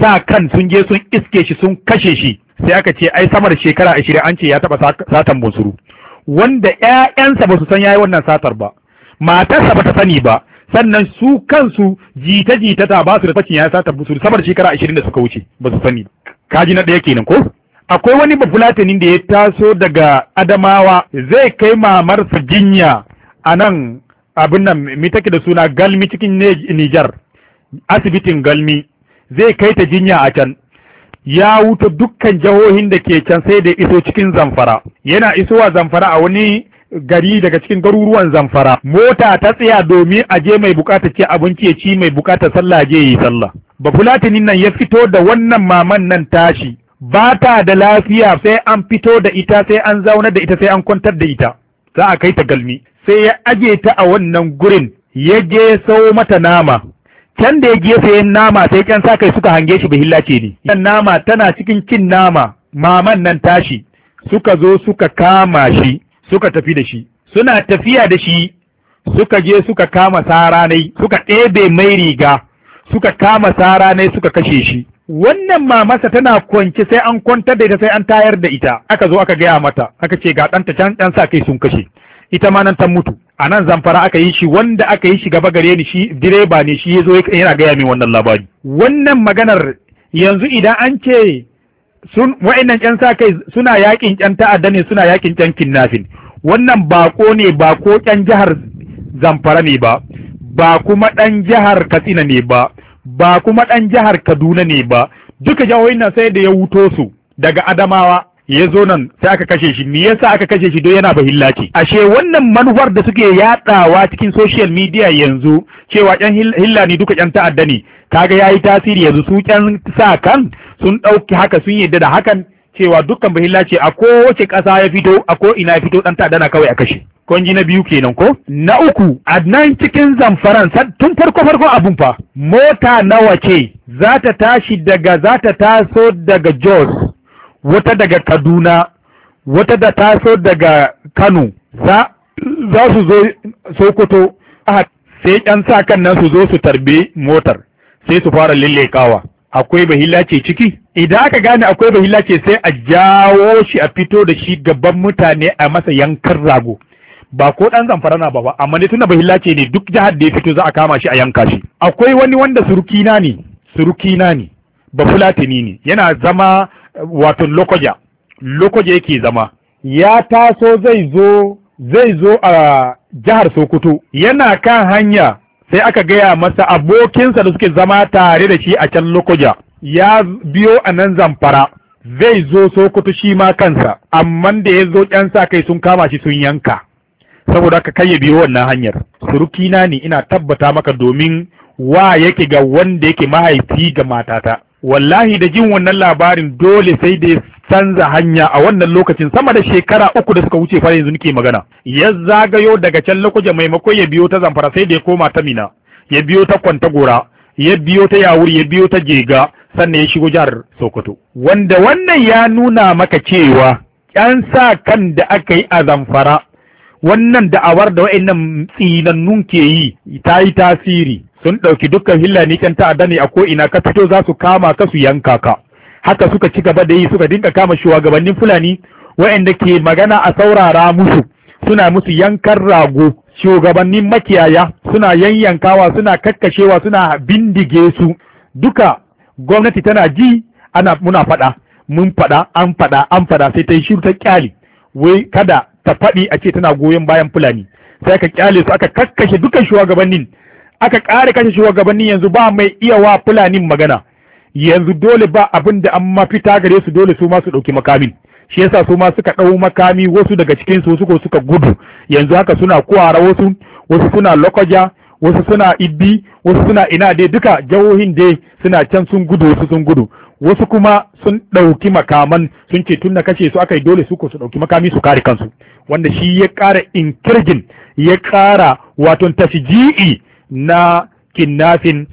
sa kan sun je sun iske shi sun kashe shi sai aka ce ai samar shekara ashirin an ce ya taɓa satan bunsuru wanda ƴaƴansa ba su san yayi wannan satar ba matarsa ba ta sani ba sannan su kansu jita jita ta ba su da sakin yayi satar bunsuru samar shekara ashirin da suka wuce ba su sani kaji na ɗaya kenan ko akwai wani bafulatanin da ya taso daga adamawa zai kai mamarsa jinya a nan abin nan mi take da suna galmi cikin Nijar asibitin galmi zai kai ta jinya a can ya wuta dukkan jihohin da ke can sai da iso cikin zamfara yana isowa zamfara a wani gari daga cikin garuruwan zamfara mota ta tsaya domin a je mai bukata ce abinci ya ci mai bukata sallah je yi sallah ba fulatinin nan ya fito da wannan maman nan tashi ba ta da lafiya sai an fito da ita sai an zauna da ita sai an kwantar da ita za a kai ta galmi sai ya aje ta a wannan gurin ya je sau mata nama can da ya je sayan nama sai kyan sa kai suka hange shi bihillace ne yan nama tana cikin cin nama maman nan tashi suka zo suka kama shi suka tafi da shi suna tafiya da shi suka je suka kama saranai suka ɗebe mai riga suka kama saranai suka kashe shi wannan mamasa tana kwance sai an kwantar da ita sai an tayar da ita aka zo aka gaya mata aka ce ga ɗanta can ɗan sa kai sun kashe ita ma nan ta mutu a nan zamfara aka yi shi wanda aka yi shi gaba gare ni shi direba ne shi ya zo yana gaya min wannan labari wannan maganar yanzu idan an ce sun wa'annan ƴan sa kai suna yakin ƴan ta'adda ne suna yakin ƴan kinnafin wannan bako ne bako ƴan jihar zamfara ne ba ba kuma ɗan jihar katsina ne ba ba kuma ɗan jihar kaduna ne ba duka jihohin nan sai da ya wuto su daga adamawa ya zo nan sai aka kashe shi me yasa aka kashe shi don yana bahilla ce ashe wannan manufar da suke yadawa cikin social media yanzu cewa yan hilla ne duka yan ta'adda ne kaga yayi tasiri yanzu su yan sa kan sun dauki haka sun yadda da hakan cewa dukkan bahilla ce a kowace ƙasa ya fito a ko ina ya fito dan ta'adda na kawai a kashe kwanji na biyu kenan ko na uku a nan cikin zamfaran tun farko farko abun fa mota nawa ce za ta tashi daga za ta taso daga jos wata daga kaduna wata da ta taso daga kano za su zo sokoto sai yan sa kan nan su zo su tarbe motar sai su fara lillekawa akwai bahila ce ciki idan aka gane akwai bahila ce sai a jawo shi a fito da shi gaban mutane a masa yankan rago ba ko ɗan zamfara na ba amma ne tuna bahila ce ne duk jihar da ya fito za a kama shi a yanka shi akwai wani wanda surukina ne surukina ne ba fulatini ne yana zama wato lokoja lokoja yake zama ya taso zai zo zai zo a jihar sokoto yana kan hanya sai aka gaya masa abokinsa da suke zama tare da shi a can lokoja ya biyo a nan zamfara zai zo sokoto shi ma kansa amma da ya zo ƴan sa kai sun kama shi sun yanka saboda ka kai ya biyo wannan hanyar surukina ne ina tabbata maka domin wa yake ga wanda yake mahaifi ga matata wallahi da jin wannan labarin dole sai da ya canza hanya a wannan lokacin sama da shekara uku da suka wuce fara yanzu nake magana ya zagayo daga can lokacin maimakon ya biyo ta zamfara sai da ya koma ta mina ya biyo ta kwantagora ya biyo ta yawuri ya biyo ta jega sannan ya shigo jihar sokoto wanda wannan ya nuna maka cewa yan sa kan da aka yi a zamfara wannan da'awar da wa'annan tsinannun ke yi ta yi tasiri sun ɗauki dukkan ni kan ta'adda ne a ko'ina ina ka fito za su kama ka su yanka ka haka suka ci gaba da yi suka dinka kama shugabannin fulani waɗanda ke magana a saurara musu suna musu yankan rago shugabannin makiyaya suna yanyankawa suna kakkashewa suna bindige su duka gwamnati tana ji ana muna faɗa mun faɗa an faɗa an faɗa sai ta yi shiru ta kyale wai kada ta faɗi a ce tana goyon bayan fulani sai aka kyale su aka kakkashe dukan shugabannin aka ƙare kashe shugabanni yanzu ba mai iya wa fulanin magana yanzu dole ba abin da an mafi gare su dole su ma su ɗauki makamin shi yasa su ma suka ɗau makami wasu daga cikin su suko suka gudu yanzu haka suna kuwara wasu wasu suna lokoja wasu suna ibbi wasu suna ina dai duka jahohin dai suna can sun gudu wasu sun gudu wasu kuma sun ɗauki makaman sun ce tun na kashe su aka yi dole su ko su ɗauki makami su kare kansu wanda shi ya ƙara inkirgin ya ƙara wato tashiji'i na kinnafin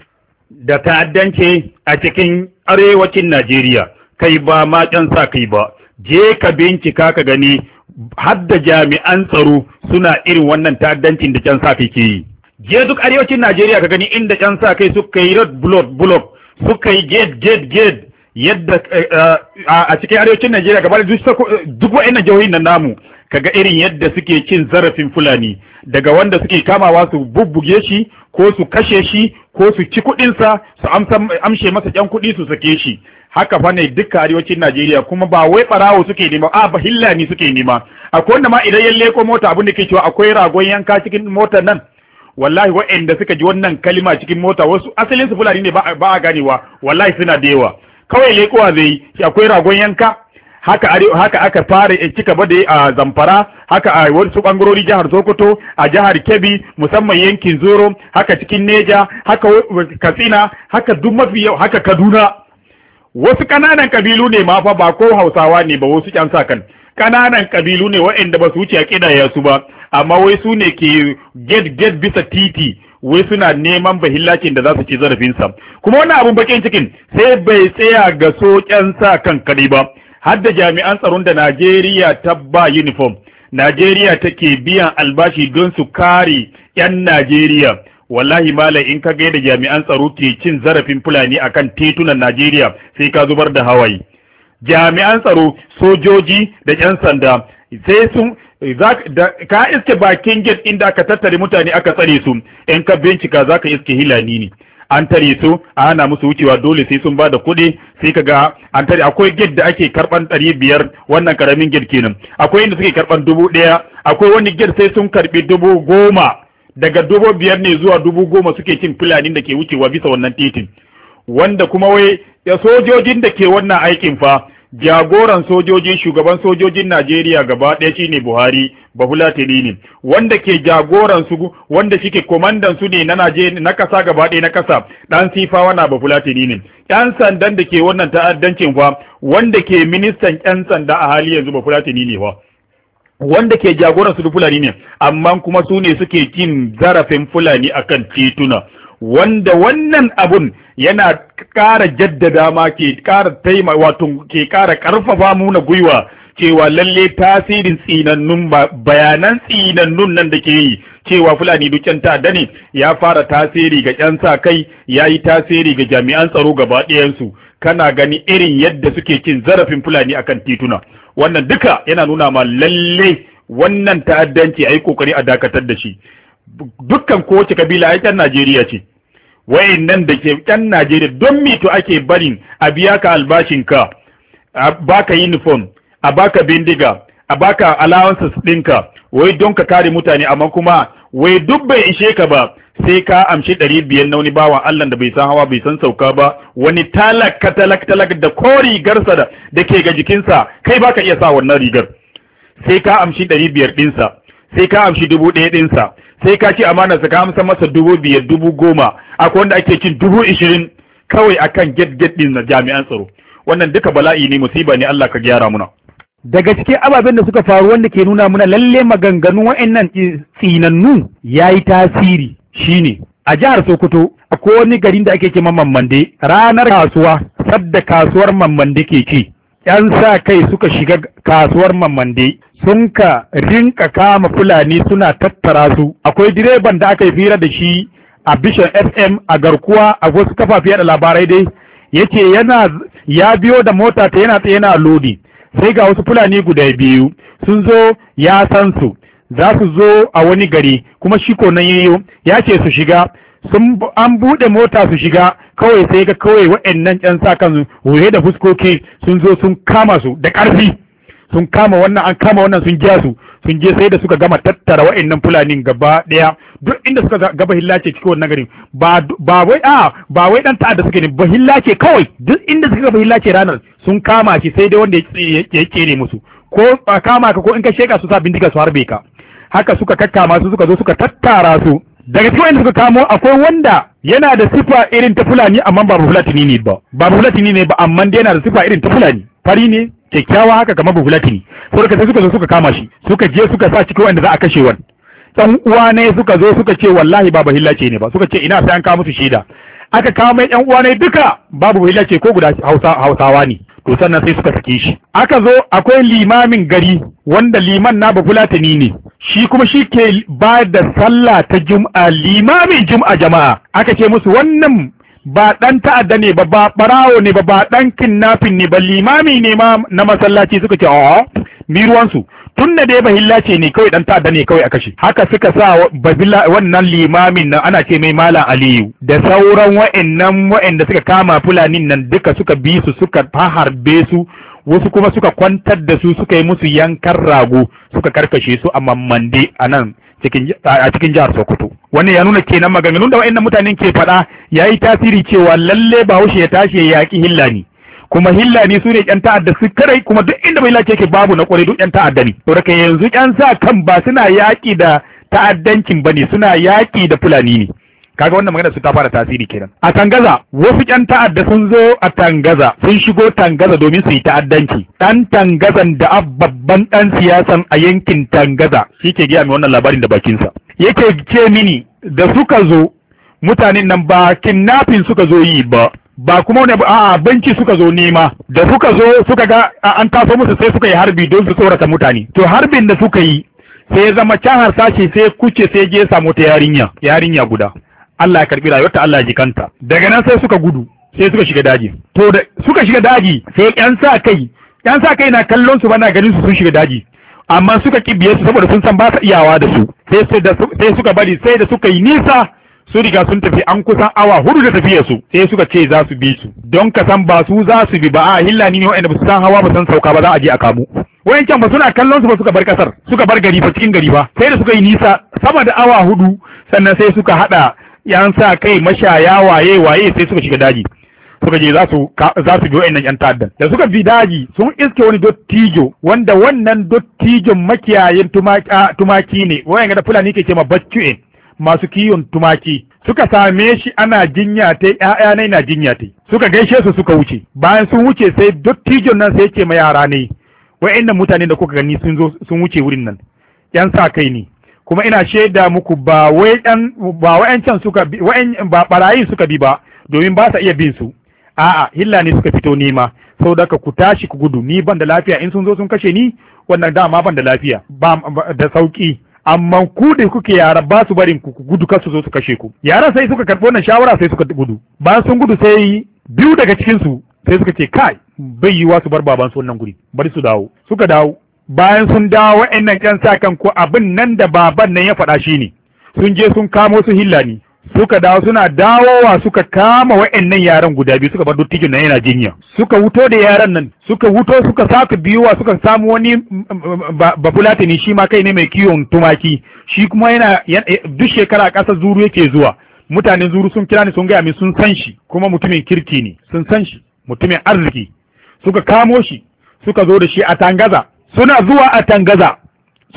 da ta'addance a cikin arewacin Najeriya kai ba ma ƙyan sa kai ba je ka bincika ka gani hadda jami'an tsaro suna irin wannan ta'addancin da ƙyan sa kai ke yi je duk arewacin Najeriya ka gani inda ƙyan sa kai suka yi red block block suka yi gate gate gate yadda eh, eh, a cikin arewacin Najeriya gaba da duk eh, wa'annan jihohin nan namu kaga irin yadda suke cin zarafin fulani daga wanda suke kamawa su bubbuge shi ko su kashe shi ko su ci kuɗinsa su amshe masa ƴan kuɗi su sake shi haka fa ne dukkan arewacin Najeriya kuma ba wai barawo suke nema a ba hillani suke nema akwai wanda ma idan ya leko mota abin da ke cewa akwai ragon yanka cikin motar nan wallahi wa'anda suka ji wannan kalima cikin mota wasu asalin su fulani ne ba a ganewa wallahi suna da yawa kawai lekowa zai yi, akwai ragon yanka haka haka aka fara kika eh, bade a Zamfara haka a wasu bangarori jihar Sokoto a jihar Kebbi musamman yankin Zoro haka cikin Neja haka Katsina haka duk mafi yau haka Kaduna wasu kananan kabilu ne ma fa ba ko Hausawa ne ba wasu kyan sakan kananan kabilu ne waɗanda ba su wuce a kidaya su ba amma wai su ne ke get get bisa titi wai suna neman bahillacin da za su ci zarafinsa kuma wani abun bakin cikin sai bai tsaya ga so kan kadai ba har da jami'an tsaron da Najeriya ta ba uniform Najeriya take biyan albashi don su kare 'yan Najeriya wallahi malam in ka da jami'an tsaro ke cin zarafin fulani akan titunan Najeriya sai ka zubar da hawaye jami'an tsaro sojoji da 'yan sanda sai sun ka iske bakin gate inda aka tattare mutane aka tsare su in ka bincika zaka iske hilani ne an tare su a hana musu wucewa dole sai sun bada kuɗi sai ka ga an tare akwai gate da ake karban ɗari biyar wannan karamin gate kenan akwai inda suke karban dubu ɗaya akwai wani gate sai sun karɓi dubu goma daga dubu biyar ne zuwa dubu goma suke cin fulani da ke wucewa bisa wannan titin wanda kuma wai sojojin da ke wannan aikin fa jagoran sojojin shugaban sojojin Najeriya gaba ɗaya shine Buhari Bahula ne wanda ke jagoran su wanda shike komandan su ne na Najeriya na kasa gaba ɗaya na kasa dan sifawa na Bahula ne ɗan sandan da ke wannan ta'addancin fa wanda ke ministan ɗan sanda a hali yanzu Bahula ne fa wanda ke jagoran su Fulani ne amma kuma su ne suke cin zarafin Fulani akan tituna wanda wannan abun yana ƙara jaddada ma ke ƙara taima wato ke ƙara ƙarfafa muna gwiwa cewa lalle tasirin tsinannun bayanan tsinannun nan da ke yi cewa fulani dukkan ta ne ya fara tasiri ga yan sa kai ya yi tasiri ga jami'an tsaro gaba ɗayansu kana gani irin yadda suke cin zarafin fulani akan tituna wannan duka yana nuna ma lalle wannan ta'addanci a yi ƙoƙari a dakatar da shi dukkan kowace kabila ai yan Najeriya ce nan da ke yan Najeriya don mi to ake barin a biya ka albashin ka a baka uniform a baka bindiga a baka allowances ɗinka wai don ka kare mutane amma kuma wai duk bai ishe ka ba sai ka amshi ɗari biyar na wani bawan Allah da bai san hawa bai san sauka ba wani talaka talak talak da ko rigarsa da da ke ga jikinsa kai baka iya sa wannan rigar sai ka amshi ɗari biyar ɗinsa sai ka amshi dubu ɗaya ɗinsa sai ka ci amanarsa ka amsa masa dubu biyar dubu goma akwai wanda ake cin dubu ishirin kawai akan get get ɗin na jami'an tsaro wannan duka bala'i ne musiba ne Allah ka gyara muna daga cikin ababen da suka faru wanda ke nuna muna lalle maganganu wa'annan tsinannu yayi tasiri shine a jihar Sokoto akwai wani garin da ake ma Mammande ranar kasuwa sadda kasuwar Mammande ke ci yan sa kai suka shiga kasuwar Mammande sun ka rinka kama fulani suna tattara su akwai direban da aka yi fira da shi a Bishan fm a garkuwa a wasu kafafi da labarai dai yace yana ya biyo da mota ta yana tsaye na lodi sai ga wasu fulani guda biyu sun zo ya san su za su zo a wani gari kuma shi ko nan yayo ya ce su shiga sun an bude mota su shiga kawai sai ga kawai waɗannan ƴan sa kan da fuskoki sun zo sun kama su da ƙarfi sun kama wannan an kama wannan sun ja su sun je sai da suka gama tattara wa'annan fulanin gaba daya duk inda suka gaba hillace cikin wannan garin ba ba wai a ba wai dan ta'adda suke ne ba hillace kawai duk inda suka gaba hillace ranar sun kama shi sai dai wanda ya kere musu ko kama ka ko in ka sheka su sa bindiga su harbe ka haka suka kakkama su suka zo suka tattara su daga cikin wanda suka kamo akwai wanda yana da sifa irin ta fulani amma ba fulatini ne ba ba fulatini ne ba amma dai yana da sifa irin ta fulani fari ne kyakkyawa haka kamar bafulatini sai suka suka zo suka kama shi suka je suka sa cikin wanda za a kashe wani dan uwa ne suka zo suka ce wallahi hilla ce ne ba suka ce ina sai an kawo musu shaida aka kawo mai yan uwa ne duka babu ce ko guda hausawa ne to sannan sai suka sake shi aka zo akwai limamin gari wanda liman na bafulatani ne shi kuma shi ke ba da sallah ta jum'a limamin jum'a jama'a aka ce musu wannan ba ɗan ta'adda ne ba ba ɓarawo ne ba ba ɗan kinnafin ne ba limami ne ma na masallaci suka ce a ni ruwansu tun da dai bahilla ce ne kawai ɗan ta'adda ne kawai a kashe haka suka sa bahilla wannan limamin nan ana ce mai malam aliyu da sauran wa'annan wa'anda suka kama fulanin nan duka suka bi su suka harbe su wasu kuma suka kwantar da su suka yi musu yankan rago suka karkashe su a mammande a nan a cikin jihar sokoto wannan ya nuna kenan maganganun da wa'annan mutanen ke faɗa ya yi tasiri cewa lalle ba Bahaushe ya tashi ya yaƙi Hillani kuma Hillani su ne ƴan ta'adda su karai kuma duk inda bai lace yake babu na ƙwarai duk ƴan ta'adda ne to daga yanzu ƴan sa kan ba suna yaƙi da ta'addancin ne, suna yaƙi da Fulani ne kaga wannan magana su ta fara tasiri kenan a Tangaza wasu ƴan ta'adda sun zo a Tangaza sun shigo Tangaza domin su yi ta'addanci dan Tangazan da babban dan siyasan a yankin Tangaza shi ke gaya mai wannan labarin da bakinsa yake ce mini da suka zo mutanen nan ba kinnafin suka zo yi ba ba kuma wani a banki suka zo nema da suka zo suka ga an taso musu sai suka yi harbi don su tsorata mutane to harbin da suka yi sai ya zama can sashi sai kuce sai je samu ta yarinya yarinya guda Allah ya karbi rayuwarta Allah ya kanta daga nan sai suka gudu sai suka shiga daji to da suka shiga daji sai yan sa kai yan sa kai na kallon su bana ganin su sun shiga daji amma suka ki biye su saboda sun san ba ta iyawa da su sai suka bari sai da suka yi nisa su riga sun tafi an kusan awa hudu da tafiya su sai suka ce za su bi su don ka san ba su za su bi ba a ni ne wa'anda ba su san hawa ba san sauka ba za a je a kamu wayancan ba suna kallon su ba suka bar kasar suka bar gari ba cikin gari ba sai da suka yi nisa sama da awa hudu sannan sai suka hada yan sa kai mashaya waye waye sai suka shiga daji suka je za su bi wa'annan yan ta'addan da suka bi daji sun iske wani dottijo wanda wannan dottijon makiyayin tumaki ne wayan da fulani ke ma baccu'e eh, masu kiwon tumaki suka same shi ana jinya ta ƴaƴa na na jinya ta suka gaishe su suka wuce bayan sun wuce sai dottijon nan sai ce ma yara ne wa'annan mutane da kuka gani sun zo sun wuce wurin nan yan sa kai ne kuma ina shaida muku ba wai ba wa'ancan suka bi ba barayin suka bi ba domin ba sa iya bin su a'a hilla ne suka fito nima Sau da ku tashi ku gudu ni ban da lafiya in sun zo sun kashe ni wannan dama ban da lafiya ba da sauki amma ku da kuke yara ba su barin ku gudu kar su zo su kashe ku yaran sai suka karɓi wannan shawara sai suka gudu bayan sun gudu sai biyu daga cikin su sai suka ce kai bai yiwa su bar baban su wannan guri bari su dawo suka dawo bayan sun dawo wa'annan ƴan sa kan ko abin nan da baban nan ya faɗa shi ne sun je sun kamo su hillani suka dawo suna dawowa suka kama wa'annan yaran guda biyu suka bar dottijin nan yana jinya suka wuto da yaran nan suka wuto suka saka biyuwa, suka samu wani mm, mm, mm, bafulatani shi ma kai ne mai kiwon tumaki shi kuma yana duk shekara a ƙasar zuru yake zuwa mutanen zuru sun kira ni sun gaya min sun san shi kuma mutumin kirki ne sun san shi mutumin arziki suka kamo shi suka zo da shi a tangaza suna zuwa a tangaza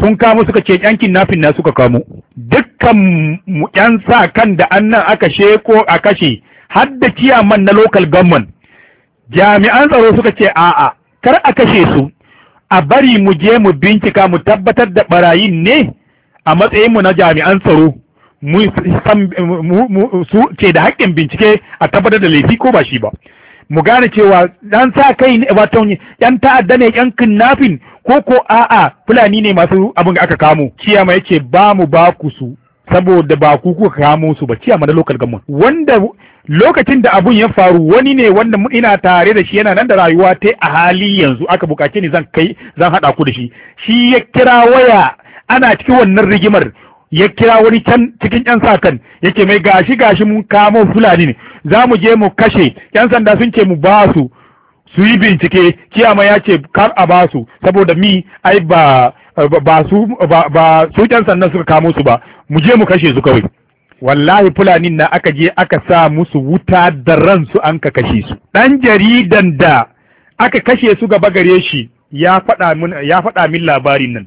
sun kamo suka ce yankin nafin na suka kamo duk dukkan yan sa kan da annan aka sheko a kashe har da ciyaman na local government jami'an tsaro suka ce a'a kar a kashe su a bari mu je mu bincika mu tabbatar da barayin ne a matsayin mu na jami'an tsaro mu su ce da haƙƙin bincike a tabbatar da laifi ko ba shi ba mu gane cewa ɗan sa kai ne wato yan ta'adda ne yan kinnafin ko ko a'a fulani ne masu abin da aka kamo kiyama yace ba mu ba ku su saboda ba ku kuka kamo su ba ciyama na local government wanda lokacin da abun ya faru wani ne wanda ina tare da shi yana nan da rayuwa ta a hali yanzu aka bukace ni zan kai zan haɗa ku da shi shi ya kira waya ana cikin wannan rigimar ya kira wani can cikin yan sa kan yake mai gashi gashi mun kamo fulani ne za mu je mu kashe yan sanda sun ce mu ba su su yi bincike kiyama ya ce kar a ba su saboda mi ai ba ba su ba su sannan suka kamo su ba mu je mu kashe su kawai wallahi fulanin na aka je aka sa musu wuta da ransu an ka kashe su ɗan jaridan da aka kashe su gaba gare shi ya faɗa min labarin nan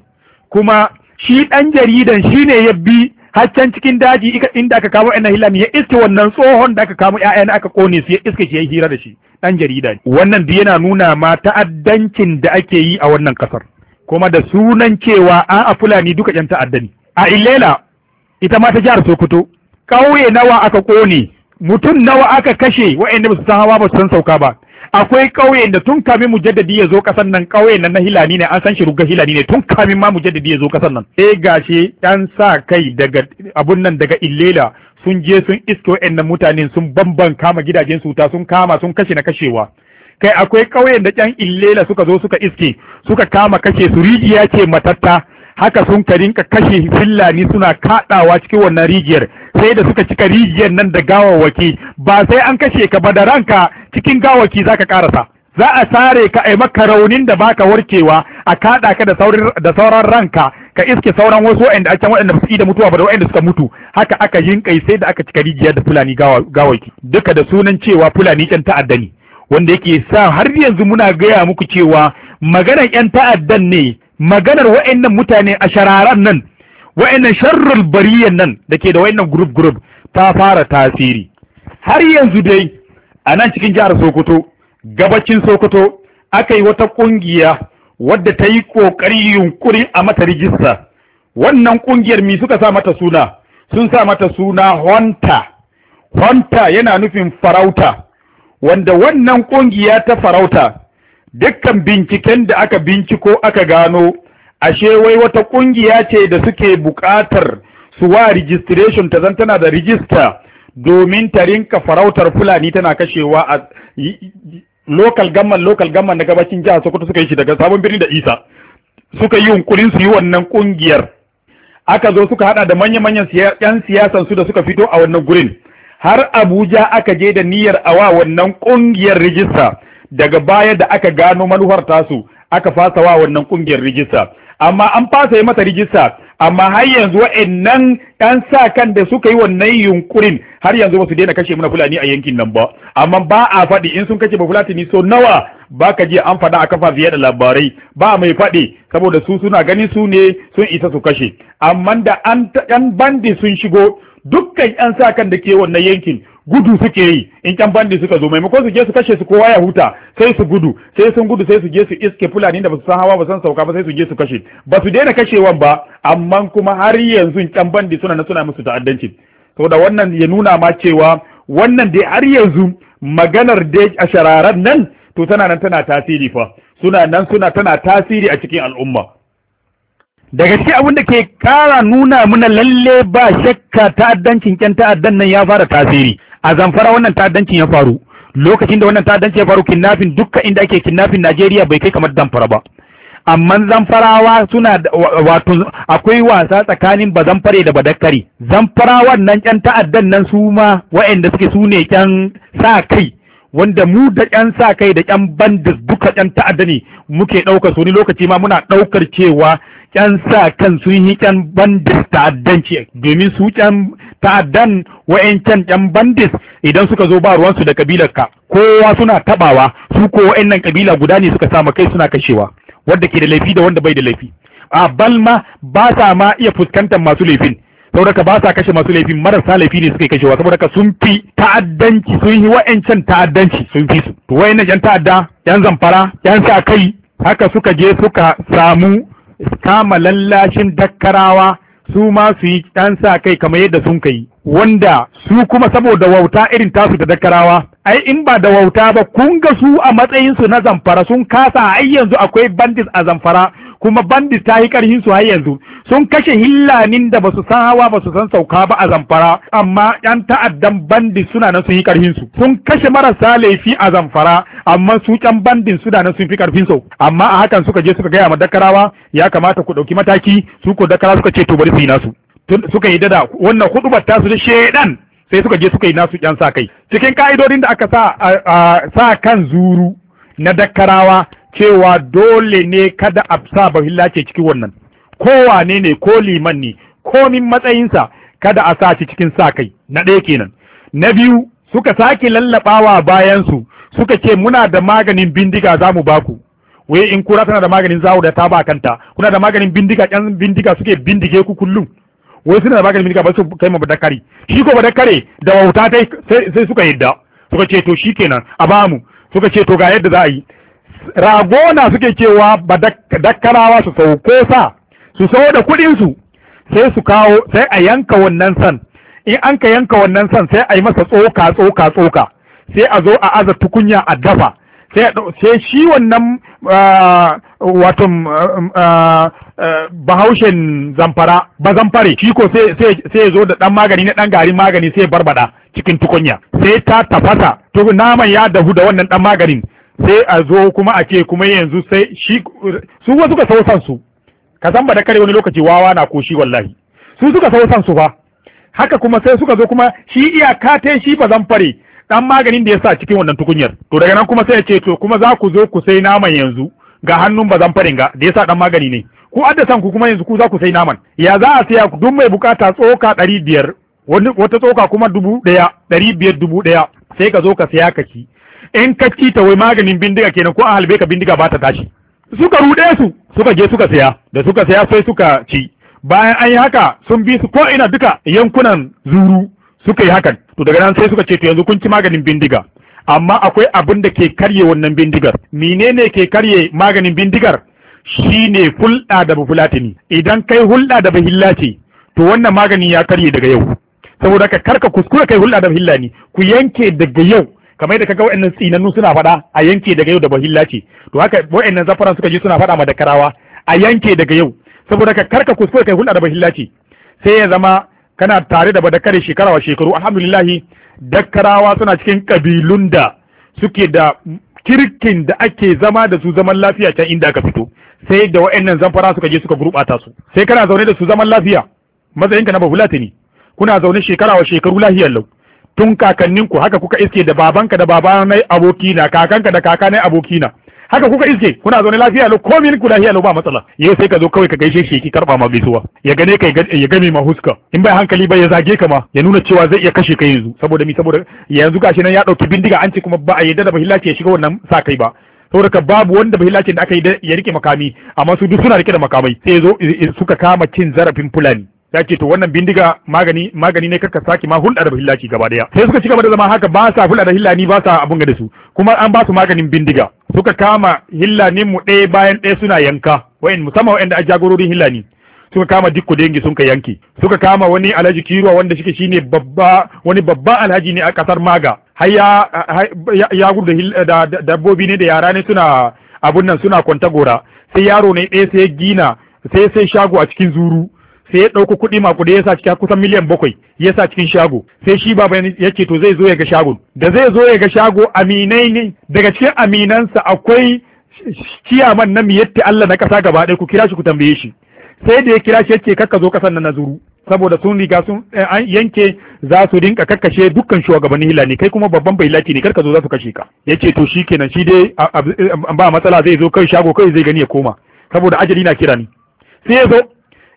kuma shi ɗan jaridan shi ne ya bi haccan cikin daji inda aka kamo ina hilami ya iske wannan tsohon da aka kamo ƴaƴan aka kone su ya iske shi ya hira da shi ɗan jarida wannan duk yana nuna ma ta'addancin da ake yi a wannan kasar kuma da sunan cewa a a fulani duka yan ta'adda ne a Ilela ita ma ta jihar sokoto ƙauye nawa aka ƙone mutum nawa aka kashe wa'anda ba su san hawa ba su san sauka ba akwai ƙauye da tun kamin mujaddadi ya zo ƙasar nan ƙauyen nan na hilani ne an san shi ruga hilani ne tun kamin ma mujaddadi ya zo ƙasar nan sai gashi ɗan sa kai daga abun nan daga Ilela sun je sun iske wa'annan mutanen sun bamban kama gidajen su sun kama sun kashe na kashewa kai akwai ƙauyen da ƴan illela suka zo suka iske suka kama kashe su rijiya ce matatta haka sun ka rinka kashe fillani suna kaɗawa cikin wannan rijiyar sai da suka cika rijiyar nan da gawawaki ba sai an kashe ka ba da ranka cikin gawaki ka ƙarasa. za a sare ka a maka raunin da baka warkewa a kaɗa ka da sauran ranka ka iske sauran wasu waɗanda a can waɗanda su da mutuwa ba da waɗanda suka mutu haka aka kai sai da aka cika rijiya da fulani gawaki duka da sunan cewa fulani ƴan ta'adda ne wanda yake sa har yanzu muna gaya muku cewa maganar 'yan ta'addan ne maganar wa'annan mutane a shararan nan wa'annan sharrul bariyan nan da ke da wa'annan group group ta fara tasiri har yanzu dai a nan cikin jihar Sokoto gabacin Sokoto aka yi wata ƙungiya wadda ta yi ƙoƙari yunƙuri a mata rijista wannan ƙungiyar mi suka sa mata suna sun sa mata suna honta honta yana nufin farauta wanda wannan kungiya ta farauta dukkan binciken da aka binciko aka gano ashe wai wata kungiya ce da suke buƙatar su wa registration ta zan tana da rijista domin ta rinka farautar fulani tana kashewa a local gamman local gamman na gabacin jihar Sokoto suka yi shi daga sabon birni da Isa suka yi yunkurin su yi wannan kungiyar aka zo suka hada da manya-manyan 'yan siyasan su da suka fito a wannan gurin har abuja aka je da niyyar awa wannan ƙungiyar rijista daga baya da aka gano manufar tasu aka fasa wa wannan ƙungiyar rijista amma an fasa yi mata rijista amma har yanzu wa'annan ɗan sa kan da suka yi wannan yunkurin har yanzu ba su daina kashe mana fulani a yankin nan ba amma ba a faɗi in sun kashe ba ne so nawa ba ka je an faɗa a kafa fiye da labarai ba mai faɗi saboda su suna ganin su ne sun isa su kashe amma da an bandi sun shigo dukkan yan sakan da ke wannan yankin gudu suke yi in yan bandi suka zo maimakon su je su kashe su kowa ya huta sai su gudu sai sun gudu sai su je su iske fulani da basu san hawa ba san sauka ba sai su je su kashe ba su daina kashewan ba amma kuma har yanzu yan bandi suna na suna musu ta'addanci To da wannan ya nuna ma cewa wannan dai har yanzu maganar dai a shararan nan to tana nan tana tasiri fa suna nan suna tana tasiri a cikin al'umma da cikin abin da ke kara nuna mana lalle ba shakka ta'addancin kyan ta'addan nan ya fara tasiri a zamfara wannan ta'addancin ya faru lokacin da wannan ta'addancin ya faru kidnapping dukkan inda ake kidnapping Najeriya bai kai kamar zamfara ba amma zamfarawa suna wato akwai wasa tsakanin ba zamfare da badakkari zamfarawan nan kyan ta'addan nan su ma waɗanda suke su ne kyan sa kai wanda mu da ƴan sa kai da ƴan bandis duka ƴan ta'adda ne muke ɗaukar su wani lokaci ma muna ɗaukar cewa ƴan sa kan sun yi ƴan bandis ta'addanci domin su ƴan ta'addan wa'ancan ƴan bandis idan suka zo ba ruwansu da kabilar ka kowa suna tabawa su ko wa'annan kabila guda ne suka sama kai suna kashewa wanda ke da laifi da wanda bai da laifi a balma ba sa ma iya fuskantar masu laifin saboda ka ba sa kashe masu laifi marasa laifi ne suka kashewa saboda ka sun fi ta'addanci sun yi wa'ancan ta'addanci sun fi su to na yan ta'adda yan zamfara yan sa kai haka suka je suka samu kama lallashin dakkarawa su ma su yi ɗan sa kai kamar yadda sun kai wanda su kuma saboda wauta irin tasu da dakkarawa, ai in ba da wauta ba kun ga su a matsayin su na zamfara sun kasa ai yanzu akwai bandits a zamfara kuma bandit ta yi karhin su har yanzu sun kashe hillanin da basu san hawa basu san sauka ba a zamfara amma yan ta'addan bandit suna nan sun yi karhin su sun kashe marasa laifi a zamfara amma su can bandit suna nan sun fi karfin su amma a hakan suka je suka gaya ma dakarawa ya kamata ku ɗauki mataki su ko dakara suka ce to bari su yi nasu suka yi dada wannan hudubar tasu da shedan sai suka je suka yi nasu yan sa kai cikin ka'idodin da aka sa sa kan zuru na dakarawa cewa dole ne kada a sa bahilla ce cikin wannan wane ne ko liman ne ko min matsayinsa kada a sa shi cikin sa kai na ɗaya kenan na biyu suka sake lallaɓawa bayansu suka ce muna da maganin bindiga za mu baku waye in kura tana da maganin zawo da ta ba kanta kuna da maganin bindiga ƴan bindiga suke bindige ku kullum wai suna da maganin bindiga ba su kai ma kare shi ko kare da wauta sai suka yadda suka ce to shikenan a bamu suka ce to ga yadda za a yi Ragona suke cewa ba dakkarawa su ko sa su sau da kuɗinsu sai su kawo sai a yanka wannan san in an ka yanka wannan san sai a yi masa tsoka tsoka tsoka sai a zo a aza tukunya a dafa sai shi wannan ah, wato mm, mm, ah, ah, bahaushen zamfara ba zamfare shi ko sai zo da ɗan magani na ɗan gari magani sai barbada cikin tukunya sai ta tafasa to naman ya dahu da wannan ɗan maganin sai a zo kuma a ce kuma yanzu sai shi su wa suka sausan su ka san ba da kare wani lokaci wawa na ko wallahi su suka sausan su ba. haka kuma sai suka zo kuma shi iyaka ta shi ba zan fare dan maganin da ya sa cikin wannan tukunyar to daga nan kuma sai ya ce to kuma za ku zo ku sai naman yanzu ga hannun ba zan fare ga da ya sa dan magani ne ku addasan ku kuma yanzu ku za ku sai naman ya za a saya duk mai bukata tsoka ɗari biyar wata tsoka kuma dubu ɗaya ɗari biyar dubu ɗaya sai ka zo ka saya ka ci in ka ci ta wai maganin bindiga kenan ko a halbe ka bindiga ba ta tashi suka ruɗe su suka je suka saya da suka saya sai suka ci bayan an yi haka sun bi su ko ina duka yankunan zuru suka yi hakan to daga nan sai suka ce to yanzu kun ci maganin bindiga amma akwai abin da ke karye wannan bindigar menene ke karye maganin bindigar shine hulɗa da bafulatini idan kai hulɗa da bahilla ce to wannan magani ya karye daga yau saboda ka karka kuskura kai hulɗa da bahilla ne ku yanke daga yau kamar yadda kaga wa'annan tsinannu suna faɗa a yanke daga yau da bahilla ce to haka wa'annan zafaran suka je suna faɗa ma da a yanke daga yau saboda ka karka kuskure kai hulɗa da bahilla ce sai ya zama kana tare da badakare shekara wa shekaru alhamdulillah dakkarawa suna cikin kabilun da suke da kirkin da ake zama da su zaman lafiya can inda aka fito sai da wa'annan zamfara suka je suka gurɓata su sai kana zaune da su zaman lafiya matsayinka na bahula ne kuna zaune shekara wa shekaru lahiyar lau tun kakanninku haka kuka iske da babanka da babanai abokina kakanka da kakanai abokina haka kuka iske kuna zaune lafiya lo komi ku lafiya lo ba matsala ya sai ka zo kawai ka gaishe shi ki karba ma gaisuwa ya gane ka ya game ma huska in bai hankali ba ya zage ka ma ya nuna cewa zai iya kashe ka yanzu saboda mi saboda yanzu gashi nan ya dauki bindiga an ce kuma ba a yadda da bahillaci ya shiga wannan sa kai ba saboda ka babu wanda bahillacin da aka yi ya rike makami amma su duk suna rike da makamai sai zo suka kama cin zarafin fulani ya ce to wannan bindiga magani magani ne karka saki ma hulɗa da hillaci gaba daya sai suka ci gaba da zama haka ba sa hulɗa da hillani ba sa abun ga da su kuma an ba su maganin bindiga suka kama hillanin mu ɗaya bayan ɗaya suna yanka wayan musamman da a jagororin hillani suka kama dikko dengi sun ka yanki suka kama wani alhaji kiruwa wanda shike shine babba wani babba alhaji ne a kasar maga har ya ya gudu da dabbobi ne da yara ne suna abun nan suna kwanta gora sai yaro ne ɗaya sai gina sai sai shago a cikin zuru sai ya ɗauko kuɗi makuɗi ya sa cikin kusan miliyan bakwai ya sa cikin shago sai shi baba ya ce to zai zo ya ga shagon da zai zo ya ga shago aminai ne daga cikin aminansa akwai ciyaman na miyatti Allah na ƙasa gaba ɗaya ku kira shi ku tambaye shi sai da ya kira shi ya ce kakka zo ƙasan nan na zuru saboda sun riga sun eh, an yanke za su rinka kakkashe dukkan shugabannin ne kai kuma babban bai lati ne karka zo za su kashe ka yace to shikenan shi dai ba matsala zai zo kai shago kai zai gani ya koma saboda ajali na kira ni sai ya zo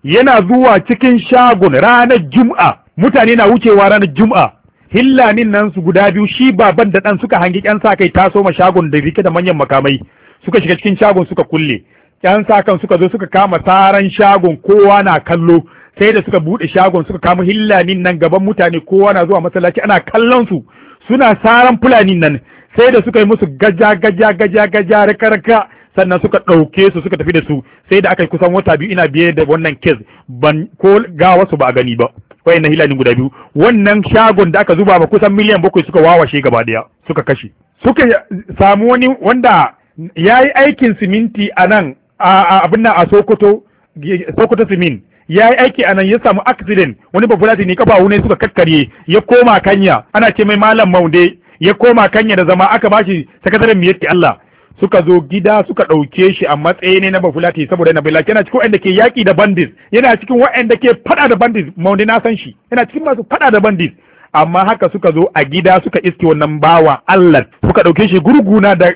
yana zuwa cikin shagon ranar jum'a mutane na wucewa ranar jum'a hillanin nan su guda biyu shi baban da ɗan suka hangi ƴan sa kai taso ma shagon da rike da manyan makamai suka shiga cikin shagon suka kulle ƴan sa kan suka zo suka kama taran shagon kowa na kallo sai da suka buɗe shagon suka kama hillanin nan gaban mutane kowa na zuwa masallaci ana kallon su suna saran fulani nan sai da suka yi musu gaja gaja gaja gaja raka sannan suka ɗauke su suka tafi da su sai da aka yi kusan wata biyu ina biye da wannan kes ban ko ga wasu ba a gani ba wayan na hilalin guda biyu wannan shagon da aka zuba ba kusan miliyan bakwai suka wawashe gaba daya suka kashe suka samu wani wanda ya yi aikin siminti a nan a abin nan a sokoto sokoto simin ya yi aiki a nan ya samu accident wani lati ne kafa wune suka kakkarye ya koma kanya ana ce mai malam maude ya koma kanya da zama aka bashi sakataren miyarki Allah suka zo gida suka ɗauke shi a matsayi ne na bafulati saboda yana bilaki yana cikin wa'anda ke yaƙi da bandit yana cikin wa'anda ke faɗa da bandit maundi na san shi yana cikin masu faɗa da bandit amma haka suka zo a gida suka iske wannan bawa Allah suka ɗauke shi gurguna da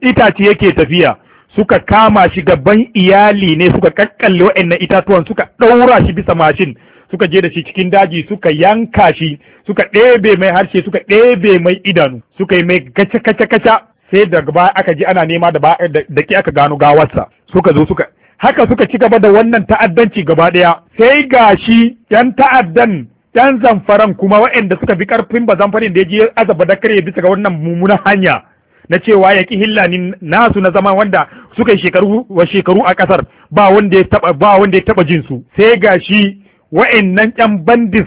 itace yake tafiya suka kama shi gaban iyali ne suka kakkalle waɗannan itatuwan suka ɗaura shi bisa mashin suka je da shi cikin daji suka yanka shi suka ɗebe mai harshe suka ɗebe mai idanu suka yi mai kaca kaca kaca sai daga ba aka ji ana nema da da ki aka gano gawarsa suka zo suka haka suka ci gaba da wannan ta'addanci gaba ɗaya sai gashi yan ta'addan yan zamfaran kuma waɗanda suka fi karfin ba zamfarin da ya je azaba da kare bisa ga wannan mummunan hanya na cewa ya ki hillani nasu na zama wanda suka yi shekaru wa shekaru a kasar ba wanda ya taba ba wanda ya taba jin su sai gashi wa'annan yan bandis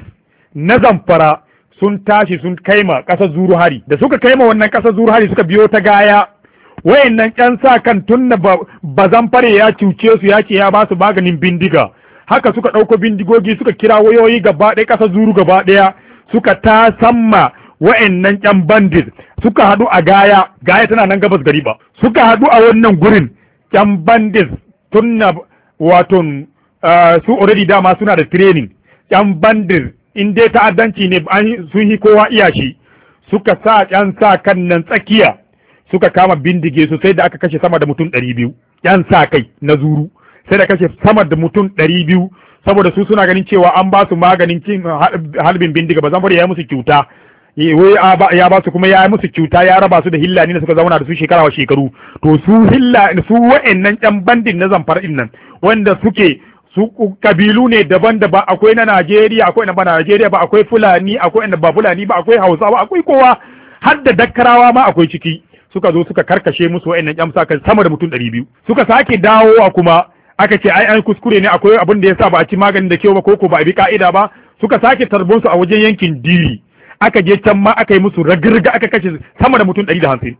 na zamfara sun tashi sun kaima ƙasar zuru hari da suka kai ma wannan ƙasar zuru hari suka biyo ta gaya wayannan ƴan sa kan tunna bazan fare ya cuce su ya ce ya ba su maganin bindiga haka suka ɗauko bindigogi suka kira wayoyi gaba ɗaya ƙasar zuru gaba ɗaya suka ta samma wa'annan ƴan bandit suka haɗu a gaya gaya tana nan gabas gari ba suka haɗu a wannan gurin ƴan bandit tunna waton ah, su already dama suna da training ƴan bandit in dai ta'addanci ne sun yi kowa iyashi suka sa yan sa kan nan tsakiya suka kama bindige su sai da aka kashe sama da mutum ɗari biyu yan sa kai na zuru sai da kashe sama da mutum ɗari biyu saboda su suna ganin cewa an ba su maganin cin halbin bindiga ba zan ya yi musu kyauta ya ba su kuma ya yi musu kyauta ya raba su da hilla ne suka zauna da su shekara wa shekaru to su hilla su wa'annan yan bandin na zamfara din nan wanda suke su kabilu ne daban-daban akwai na Najeriya akwai na ba Najeriya ba akwai Fulani akwai na ba Fulani ba akwai Hausawa akwai kowa har da Dakkarawa ma akwai ciki suka zo suka karkashe musu wa'annan yamsa kan sama da mutum ɗari biyu suka sake dawowa kuma aka ce ai an kuskure ne akwai abin da yasa ba a ci maganin da kyau ba ko ba a bi ka'ida ba suka sake tarbonsu a wajen yankin Dili aka je can ma aka yi musu ragirga aka kashe sama da mutum ɗari da hamsin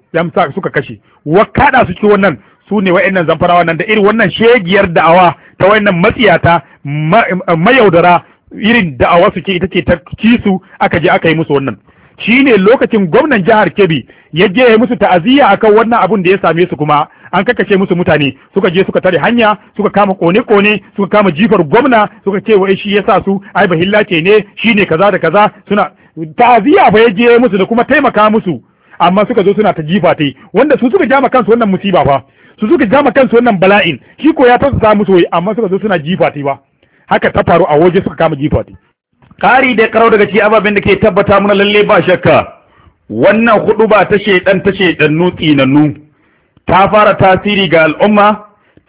suka kashe wa kaɗa su ci wannan su ne wa'annan zamfarawa nan da irin wannan shegiyar da'awa ta wa'annan matsiyata eh, mayaudara irin da'awa su ke ita ce ta kisu aka je aka yi musu wannan shi ne lokacin gwamnan jihar Kebbi ya je ya musu ta'aziyya akan wannan abun da ya same su kuma an kakkace musu mutane suka je suka tare hanya suka kama kone kone suka kama jifar gwamna suka ce wai shi ya sa su ai bahilla ke ne shine kaza da kaza suna ta'aziyya fa ya je musu da kuma taimaka musu amma suka zo suna ta jifa ta wanda su suka jama kansu wannan musiba fa su suka jama kansu wannan bala'in shi ko ya samu musu wai amma suka zo suna jifa ta ba haka ta faru a waje suka kama jifa ta kari da karau daga ci ababen da ke tabbata mana lalle ba shakka wannan hudu ba ta shedan ta na tsinannu ta fara tasiri ga al'umma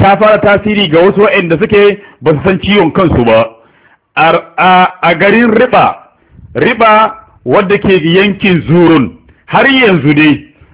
ta fara tasiri ga wasu wa'inda suke ba su san ciwon kansu ba a garin riba riba wadda ke yankin zurun har yanzu dai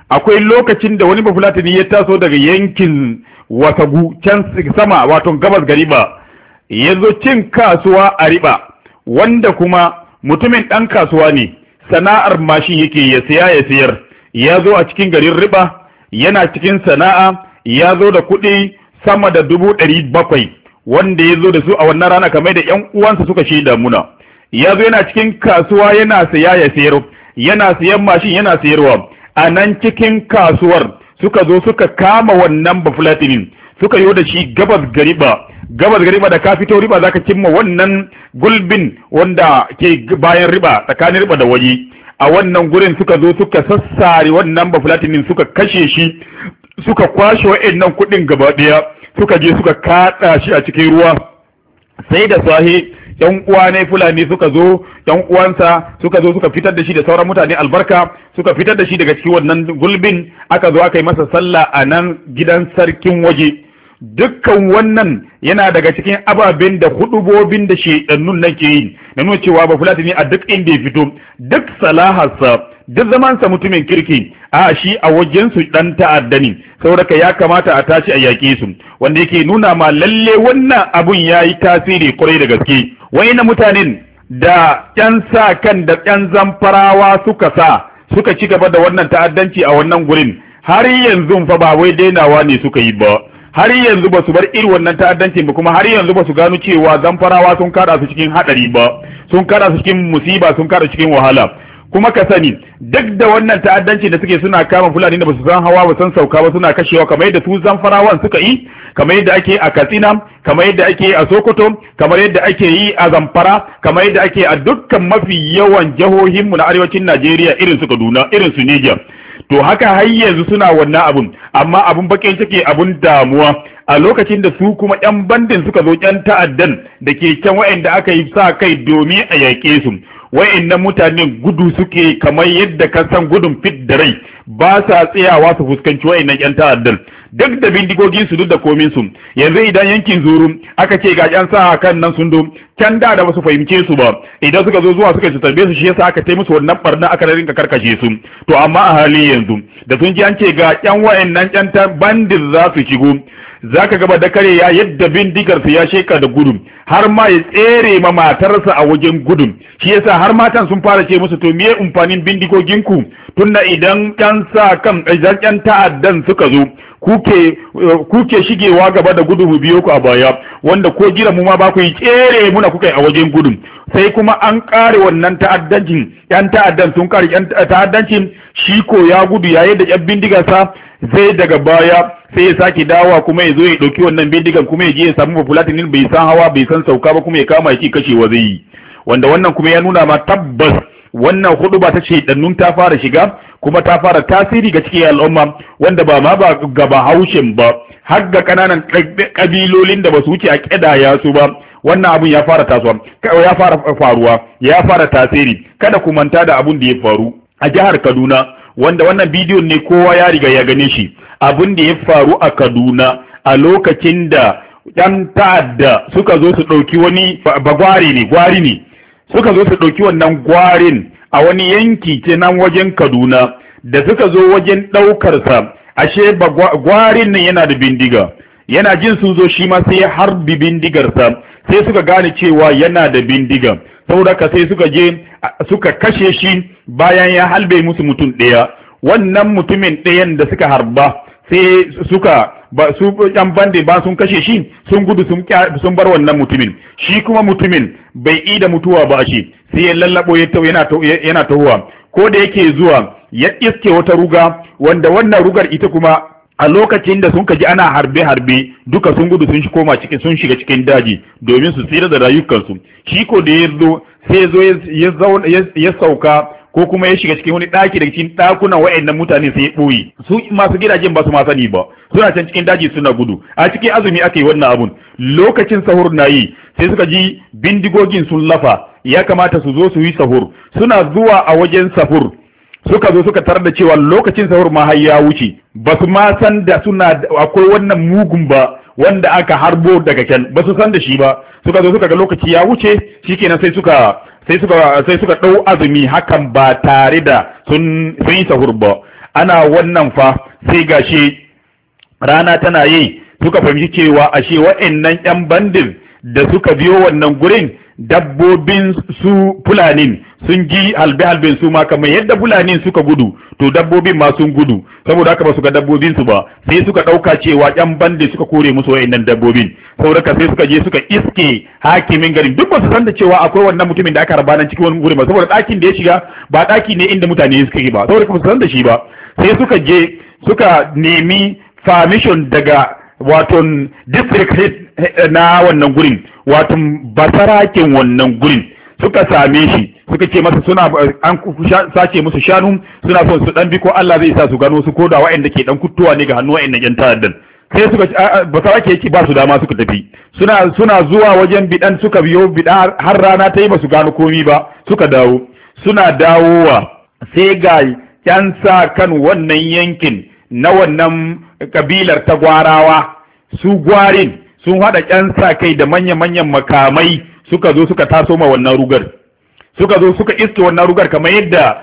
akwai lokacin da wani bafulatani ya taso daga yankin watagu can sama wato gabas gariba ya zo cin kasuwa a riba wanda kuma mutumin ɗan kasuwa ne sana'ar mashin yake ya siya ya siyar ya zo a cikin garin riba yana cikin sana'a ya zo da kuɗi sama da dubu ɗari bakwai wanda ya zo da su a wannan rana kamar da ƴan uwansa suka shaida muna ya zo yana cikin kasuwa yana siya ya siyar yana siyan mashin yana siyarwa a nan cikin kasuwar suka zo suka kama wannan bafulatinin suka yi da shi gabas gariba gabas gariba da ka fito riba zaka cimma wannan gulbin wanda ke bayan riba tsakanin riba da waje a wannan gurin suka zo suka sassare wannan bafulatinin suka kashe shi suka kwashe wa'annan kuɗin gaba ɗaya suka je suka kaɗa shi a cikin ruwa sai da sahi yan uwa ne fulani suka zo yan uwansa suka zo suka fitar da shi da sauran mutane albarka suka fitar da shi daga cikin wannan gulbin aka zo aka yi masa sallah a nan gidan sarkin waje dukkan wannan yana daga cikin ababen da hudubobin da shedannun nan ke yi na nuna cewa ba fulani a duk inda ya fito duk salahasa duk zamansa mutumin kirki a shi a wajensu su dan ta'adda ne saboda ya kamata a tashi a yaƙe su wanda yake nuna ma lalle wannan abun ya yi tasiri kwarai da gaske na mutanen da ƴan sa kan da ƴan zamfarawa suka sa suka ci gaba da wannan ta'addanci a wannan gurin har yanzu fa ba wai dainawa ne suka yi ba har yanzu ba su bar irin wannan ta'addancin ba kuma har yanzu ba su gano cewa zamfarawa sun kada su cikin hadari ba sun kada su cikin musiba sun kada cikin wahala kuma ka sani duk da wannan ta'addanci da suke suna kama fulani da basu san hawa ba san sauka ba suna kashewa kamar yadda su zamfarawan suka yi kamar yadda ake a katsina kamar yadda ake a sokoto kamar yadda ake yi a zamfara kamar yadda ake a dukkan mafi yawan jihohinmu na arewacin najeriya irin su kaduna irin su niger to haka har yanzu suna wannan abun amma abun bakin ciki abun damuwa a lokacin da su kuma yan bandin suka zo yan ta'addan da ke can wa'anda aka yi sa kai domin a yaƙe su wa'annan mutane gudu suke kamar yadda ka san gudun fit da rai ba sa tsayawa su fuskanci wa'annan yan ta'addar duk da bindigogin su duk da komin su yanzu idan yankin zuru aka ce ga yan sa kan nan sun do can da da su fahimce su ba idan suka zo zuwa suka tarbe su shi yasa aka tai musu wannan barna aka rinka karkashe su to amma a halin yanzu da sun ji an ce ga yan wa'annan yan bandit za su shigo Za ka gaba da kare ya yadda bindigarsa ya sheka da gudun har ma ya tsere ma matarsa a wajen gudun shi yasa har matan sun fara ce musu to me umfanin bindigoginku tunda idan ɗan sa kan ɗan ta'addan suka zo kuke eh, kuke shigewa gaba da gudu mu biyo ku a baya wanda ko jira mu ma ba ku yi tsere muna kuka a wajen gudun sai kuma an kare wannan ta'addancin yan ta'addan sun kare yan ta'addancin shi ko ya gudu yayin da yan bindigarsa zai daga baya sai ya sake dawa kuma ya zo ya ɗauki wannan bindigan kuma ya je ya samu fulatinin bai san hawa bai san sauka ba kuma ya kama shi wa zai yi wanda wannan kuma ya nuna ma tabbas wannan hudu ba ta ce ɗannun ta fara shiga kuma ta fara tasiri ga cikin al'umma wanda ba ma ba ga bahaushen ba har ga kananan kabilolin da ba su wuce a kidaya su ba wannan abun ya fara tasowa ya fara faruwa ya fara tasiri kada ku manta da abun da ya faru a jihar Kaduna wanda wannan bidiyon ne kowa ya riga ya gane shi abin da ya faru a Kaduna a lokacin da ɗan ta'adda suka zo su ɗauki wani ba gwari ne gwari ne suka zo su ɗauki wannan gwarin a wani yanki ce nan wajen Kaduna da suka zo wajen ɗaukarsa ashe ba gwarin nan yana da bindiga yana jin sun zo shi ma sai harbi bindigarsa sai suka gane cewa yana da bindiga saboda ka sai suka je suka kashe shi bayan ya halbe musu mutum ɗaya wannan mutumin ɗayan da suka harba sai suka ba su yan bande ba sun kashe shi sun gudu sun bar wannan mutumin shi kuma mutumin bai yi da mutuwa ba shi sai ya lallabo ya yana yana tahowa ko da yake zuwa ya iske wata ruga wanda wannan rugar ita kuma a lokacin da sun kaji ana harbe-harbe duka sun gudu sun koma cikin sun shiga cikin daji domin su tsira da rayukansu shi ko da ya zo sai zo ya sauka ko kuma ya shiga cikin wani ɗaki daga cikin ɗakunan wa'annan mutane sai ya ɓoye su masu gidajen ba su ma sani ba suna can cikin daji suna gudu a cikin azumi aka yi wannan abun lokacin sahur na yi sai suka ji bindigogin sun lafa ya kamata su zo su yi sahur suna zuwa a wajen sahur suka zo suka tarar da cewa lokacin sahur ma har ya wuce ba su ma san da suna akwai wannan mugun ba wanda aka harbo daga can ba su san da shi ba suka zo suka ga lokaci ya wuce shikenan sai suka sai suka sai suka dau azumi hakan ba tare da sun sun sahur ba ana wannan fa sai gashi rana tana yi suka fahimci cewa ashe wa'annan yan bandin da suka biyo wannan gurin dabbobin su fulanin sun ji halbe halben su ma kamar yadda fulanin suka gudu to dabbobin ma sun gudu saboda haka ba su ga dabbobin su ba sai suka dauka cewa yan bande suka kore musu wayannan dabbobin saboda haka sai suka je suka iske hakimin garin duk ba su san da cewa akwai wannan mutumin da aka raba nan cikin wani gurin ba saboda ɗakin da ya shiga ba ɗaki ne inda mutane suka yi ba saboda ba su san da shi ba sai suka je suka nemi permission daga wato district head eh, na wannan gurin wato basarakin wannan gurin suka same shi suka ce masa suna eh, an sace musu shanu suna son su dan bi ko Allah zai sa su gano su koda waɗanda ke dan kuttuwa ne ga hannu waɗannan yan ta'addan sai suka basarake yake ba su dama suka tafi suna suna zuwa wajen bidan suka biyo bidan har rana ta yi ba su gano komi ba suka dawo suna dawowa sai ga yan sa kan wannan yankin na wannan kabilar ta gwarawa su gwarin sun haɗa ƴan sa kai da manya-manyan makamai suka zo suka taso ma wannan rugar suka zo suka iske wannan rugar kamar yadda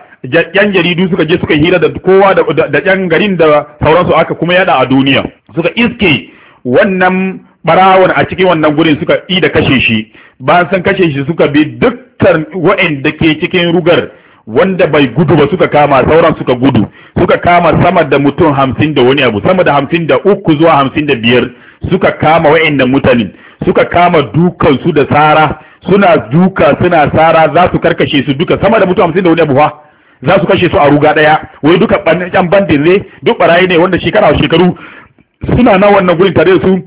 yan jaridu suka je suka hira da kowa da yan garin da sauransu aka kuma yada a duniya suka iske wannan ɓarawon a cikin wannan gurin suka yi da kashe shi bayan san kashe shi suka bi dukkan waɗanda ke cikin rugar wanda bai gudu ba suka kama sauran suka gudu suka kama sama da mutum hamsin da wani abu sama da hamsin da uku zuwa hamsin da biyar suka kama wa'inda mutane suka kama dukansu da tsara suna duka suna tsara za su karkashe su duka sama da mutum hamsin da wani abu ha za su kashe su a ruga daya wai duka ɓan bandin ne duk barayi ne wanda shekara shekaru suna na wannan gurin tare da su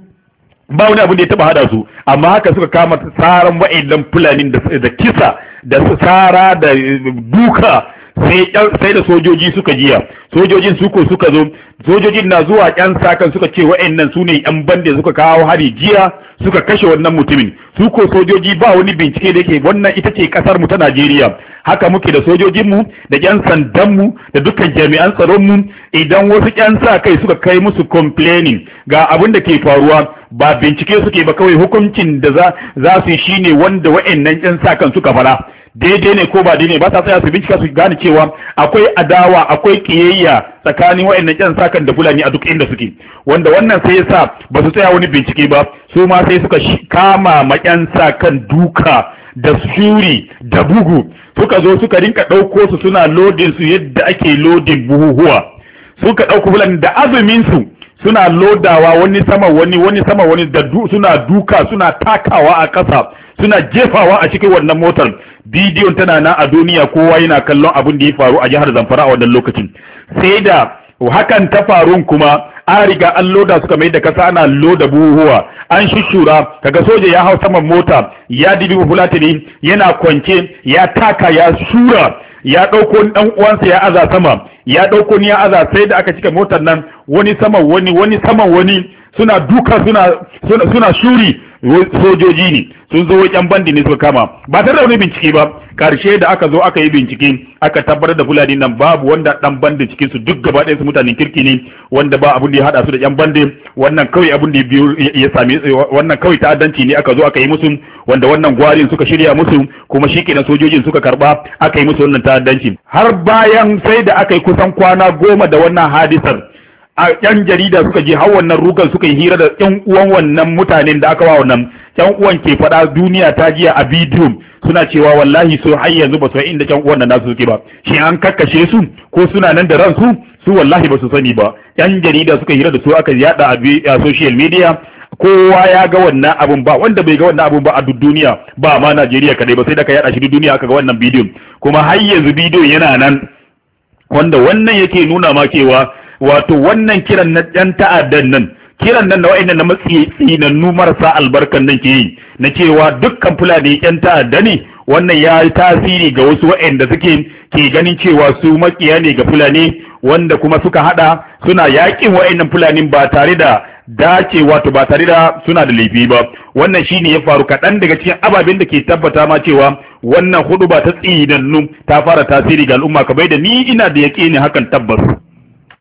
ba wani abin da ya taba hada su amma haka suka kama tsaran wa'illan fulani da kisa da tsara da eh, duka sai da sojoji suka jiya sojojin suko suka zo sojojin na zuwa yan sakan suka ce wa'annan su ne yan bande suka kawo hari jiya suka kashe wannan mutumin suko sojoji ba wani bincike da yake wannan ita ce kasar mu ta Najeriya haka muke da sojojin mu da yan sandan mu da dukkan jami'an tsaron mu idan wasu yan sa kai suka kai musu complaining ga abin da ke faruwa ba bincike suke ba kawai hukuncin da za su yi shine wanda wa'annan yan sa kan suka fara daidai ne ko ba daidai ba sa tsaya su bincika su gane cewa akwai adawa akwai kiyayya tsakanin wa'annan yan kan da fulani a duk inda suke wanda wannan sai yasa ba su tsaya wani bincike ba su ma sai suka kama ma yan kan duka da shuri da bugu suka zo suka rinka ɗauko su suna lodin su yadda ake lodin buhuhuwa suka ɗauko fulani da azumin su suna lodawa wani sama wani wani sama wani da du, suna duka suna takawa a ƙasa suna jefawa a cikin wannan motar bidiyon tana nan a duniya kowa yana kallon abin da ya faru a jihar Zamfara a wannan lokacin sai da hakan ta farun kuma an riga an loda suka mai da kasa ana loda buhuwa an shushura kaga soja ya hau saman mota ya dibi fulatini yana kwance ya taka ya shura ya ɗauko ɗan uwansa ya aza sama ya ɗauko ni ya aza sai da aka cika motar nan wani saman wani wani saman wani suna duka suna suna, suna shuri sojoji ne sun zo wajen bandi ne suka kama ba tare da wani bincike ba karshe da aka zo aka yi bincike aka tabbatar da fulani nan babu wanda dan bandi cikin su duk gaba su mutanen kirki ne wanda ba abun da ya hada su da yan bandi wannan kawai abun da ya same wannan kawai ta'addanci ne aka zo aka yi musu wanda wannan gwarin suka shirya musu kuma shikenan sojojin suka karba aka yi musu wannan ta'addanci har bayan sai da aka yi kusan kwana goma da wannan hadisar a yan jarida suka je har wannan rukan suka yi hira da yan uwan wannan mutanen da aka wa wannan yan uwan ke faɗa duniya ta jiya a bidiyo suna cewa wallahi so har yanzu ba su inda yan uwan nan nasu suke ba shi an kakkashe su ko suna nan da ransu su wallahi ba su sani ba yan jarida suka hira da su aka yada a social media kowa ya ga wannan abun ba wanda bai ga wannan abun ba a duk duniya ba ma Najeriya kadai ba sai da ka yada shi duk duniya aka ga wannan bidiyo kuma har yanzu bidiyo yana nan wanda wannan yake nuna ma cewa wato wannan kiran na ɗan ta'addan nan kiran nan na wa'annan na matsi marasa albarkan nan ke yi na cewa dukkan fulani yan ta'adda ne wannan ya yi tasiri ga wasu wa'anda suke ke ganin cewa su makiya ne ga fulani wanda kuma suka haɗa suna yakin wa'annan fulani ba tare da dace wato ba tare da suna da laifi ba wannan shine ya faru kaɗan daga cikin ababen da ke tabbata ma cewa wannan hudu ba ta tsinannu ta fara tasiri ga al'umma kamar da ni ina da yaƙini hakan tabbas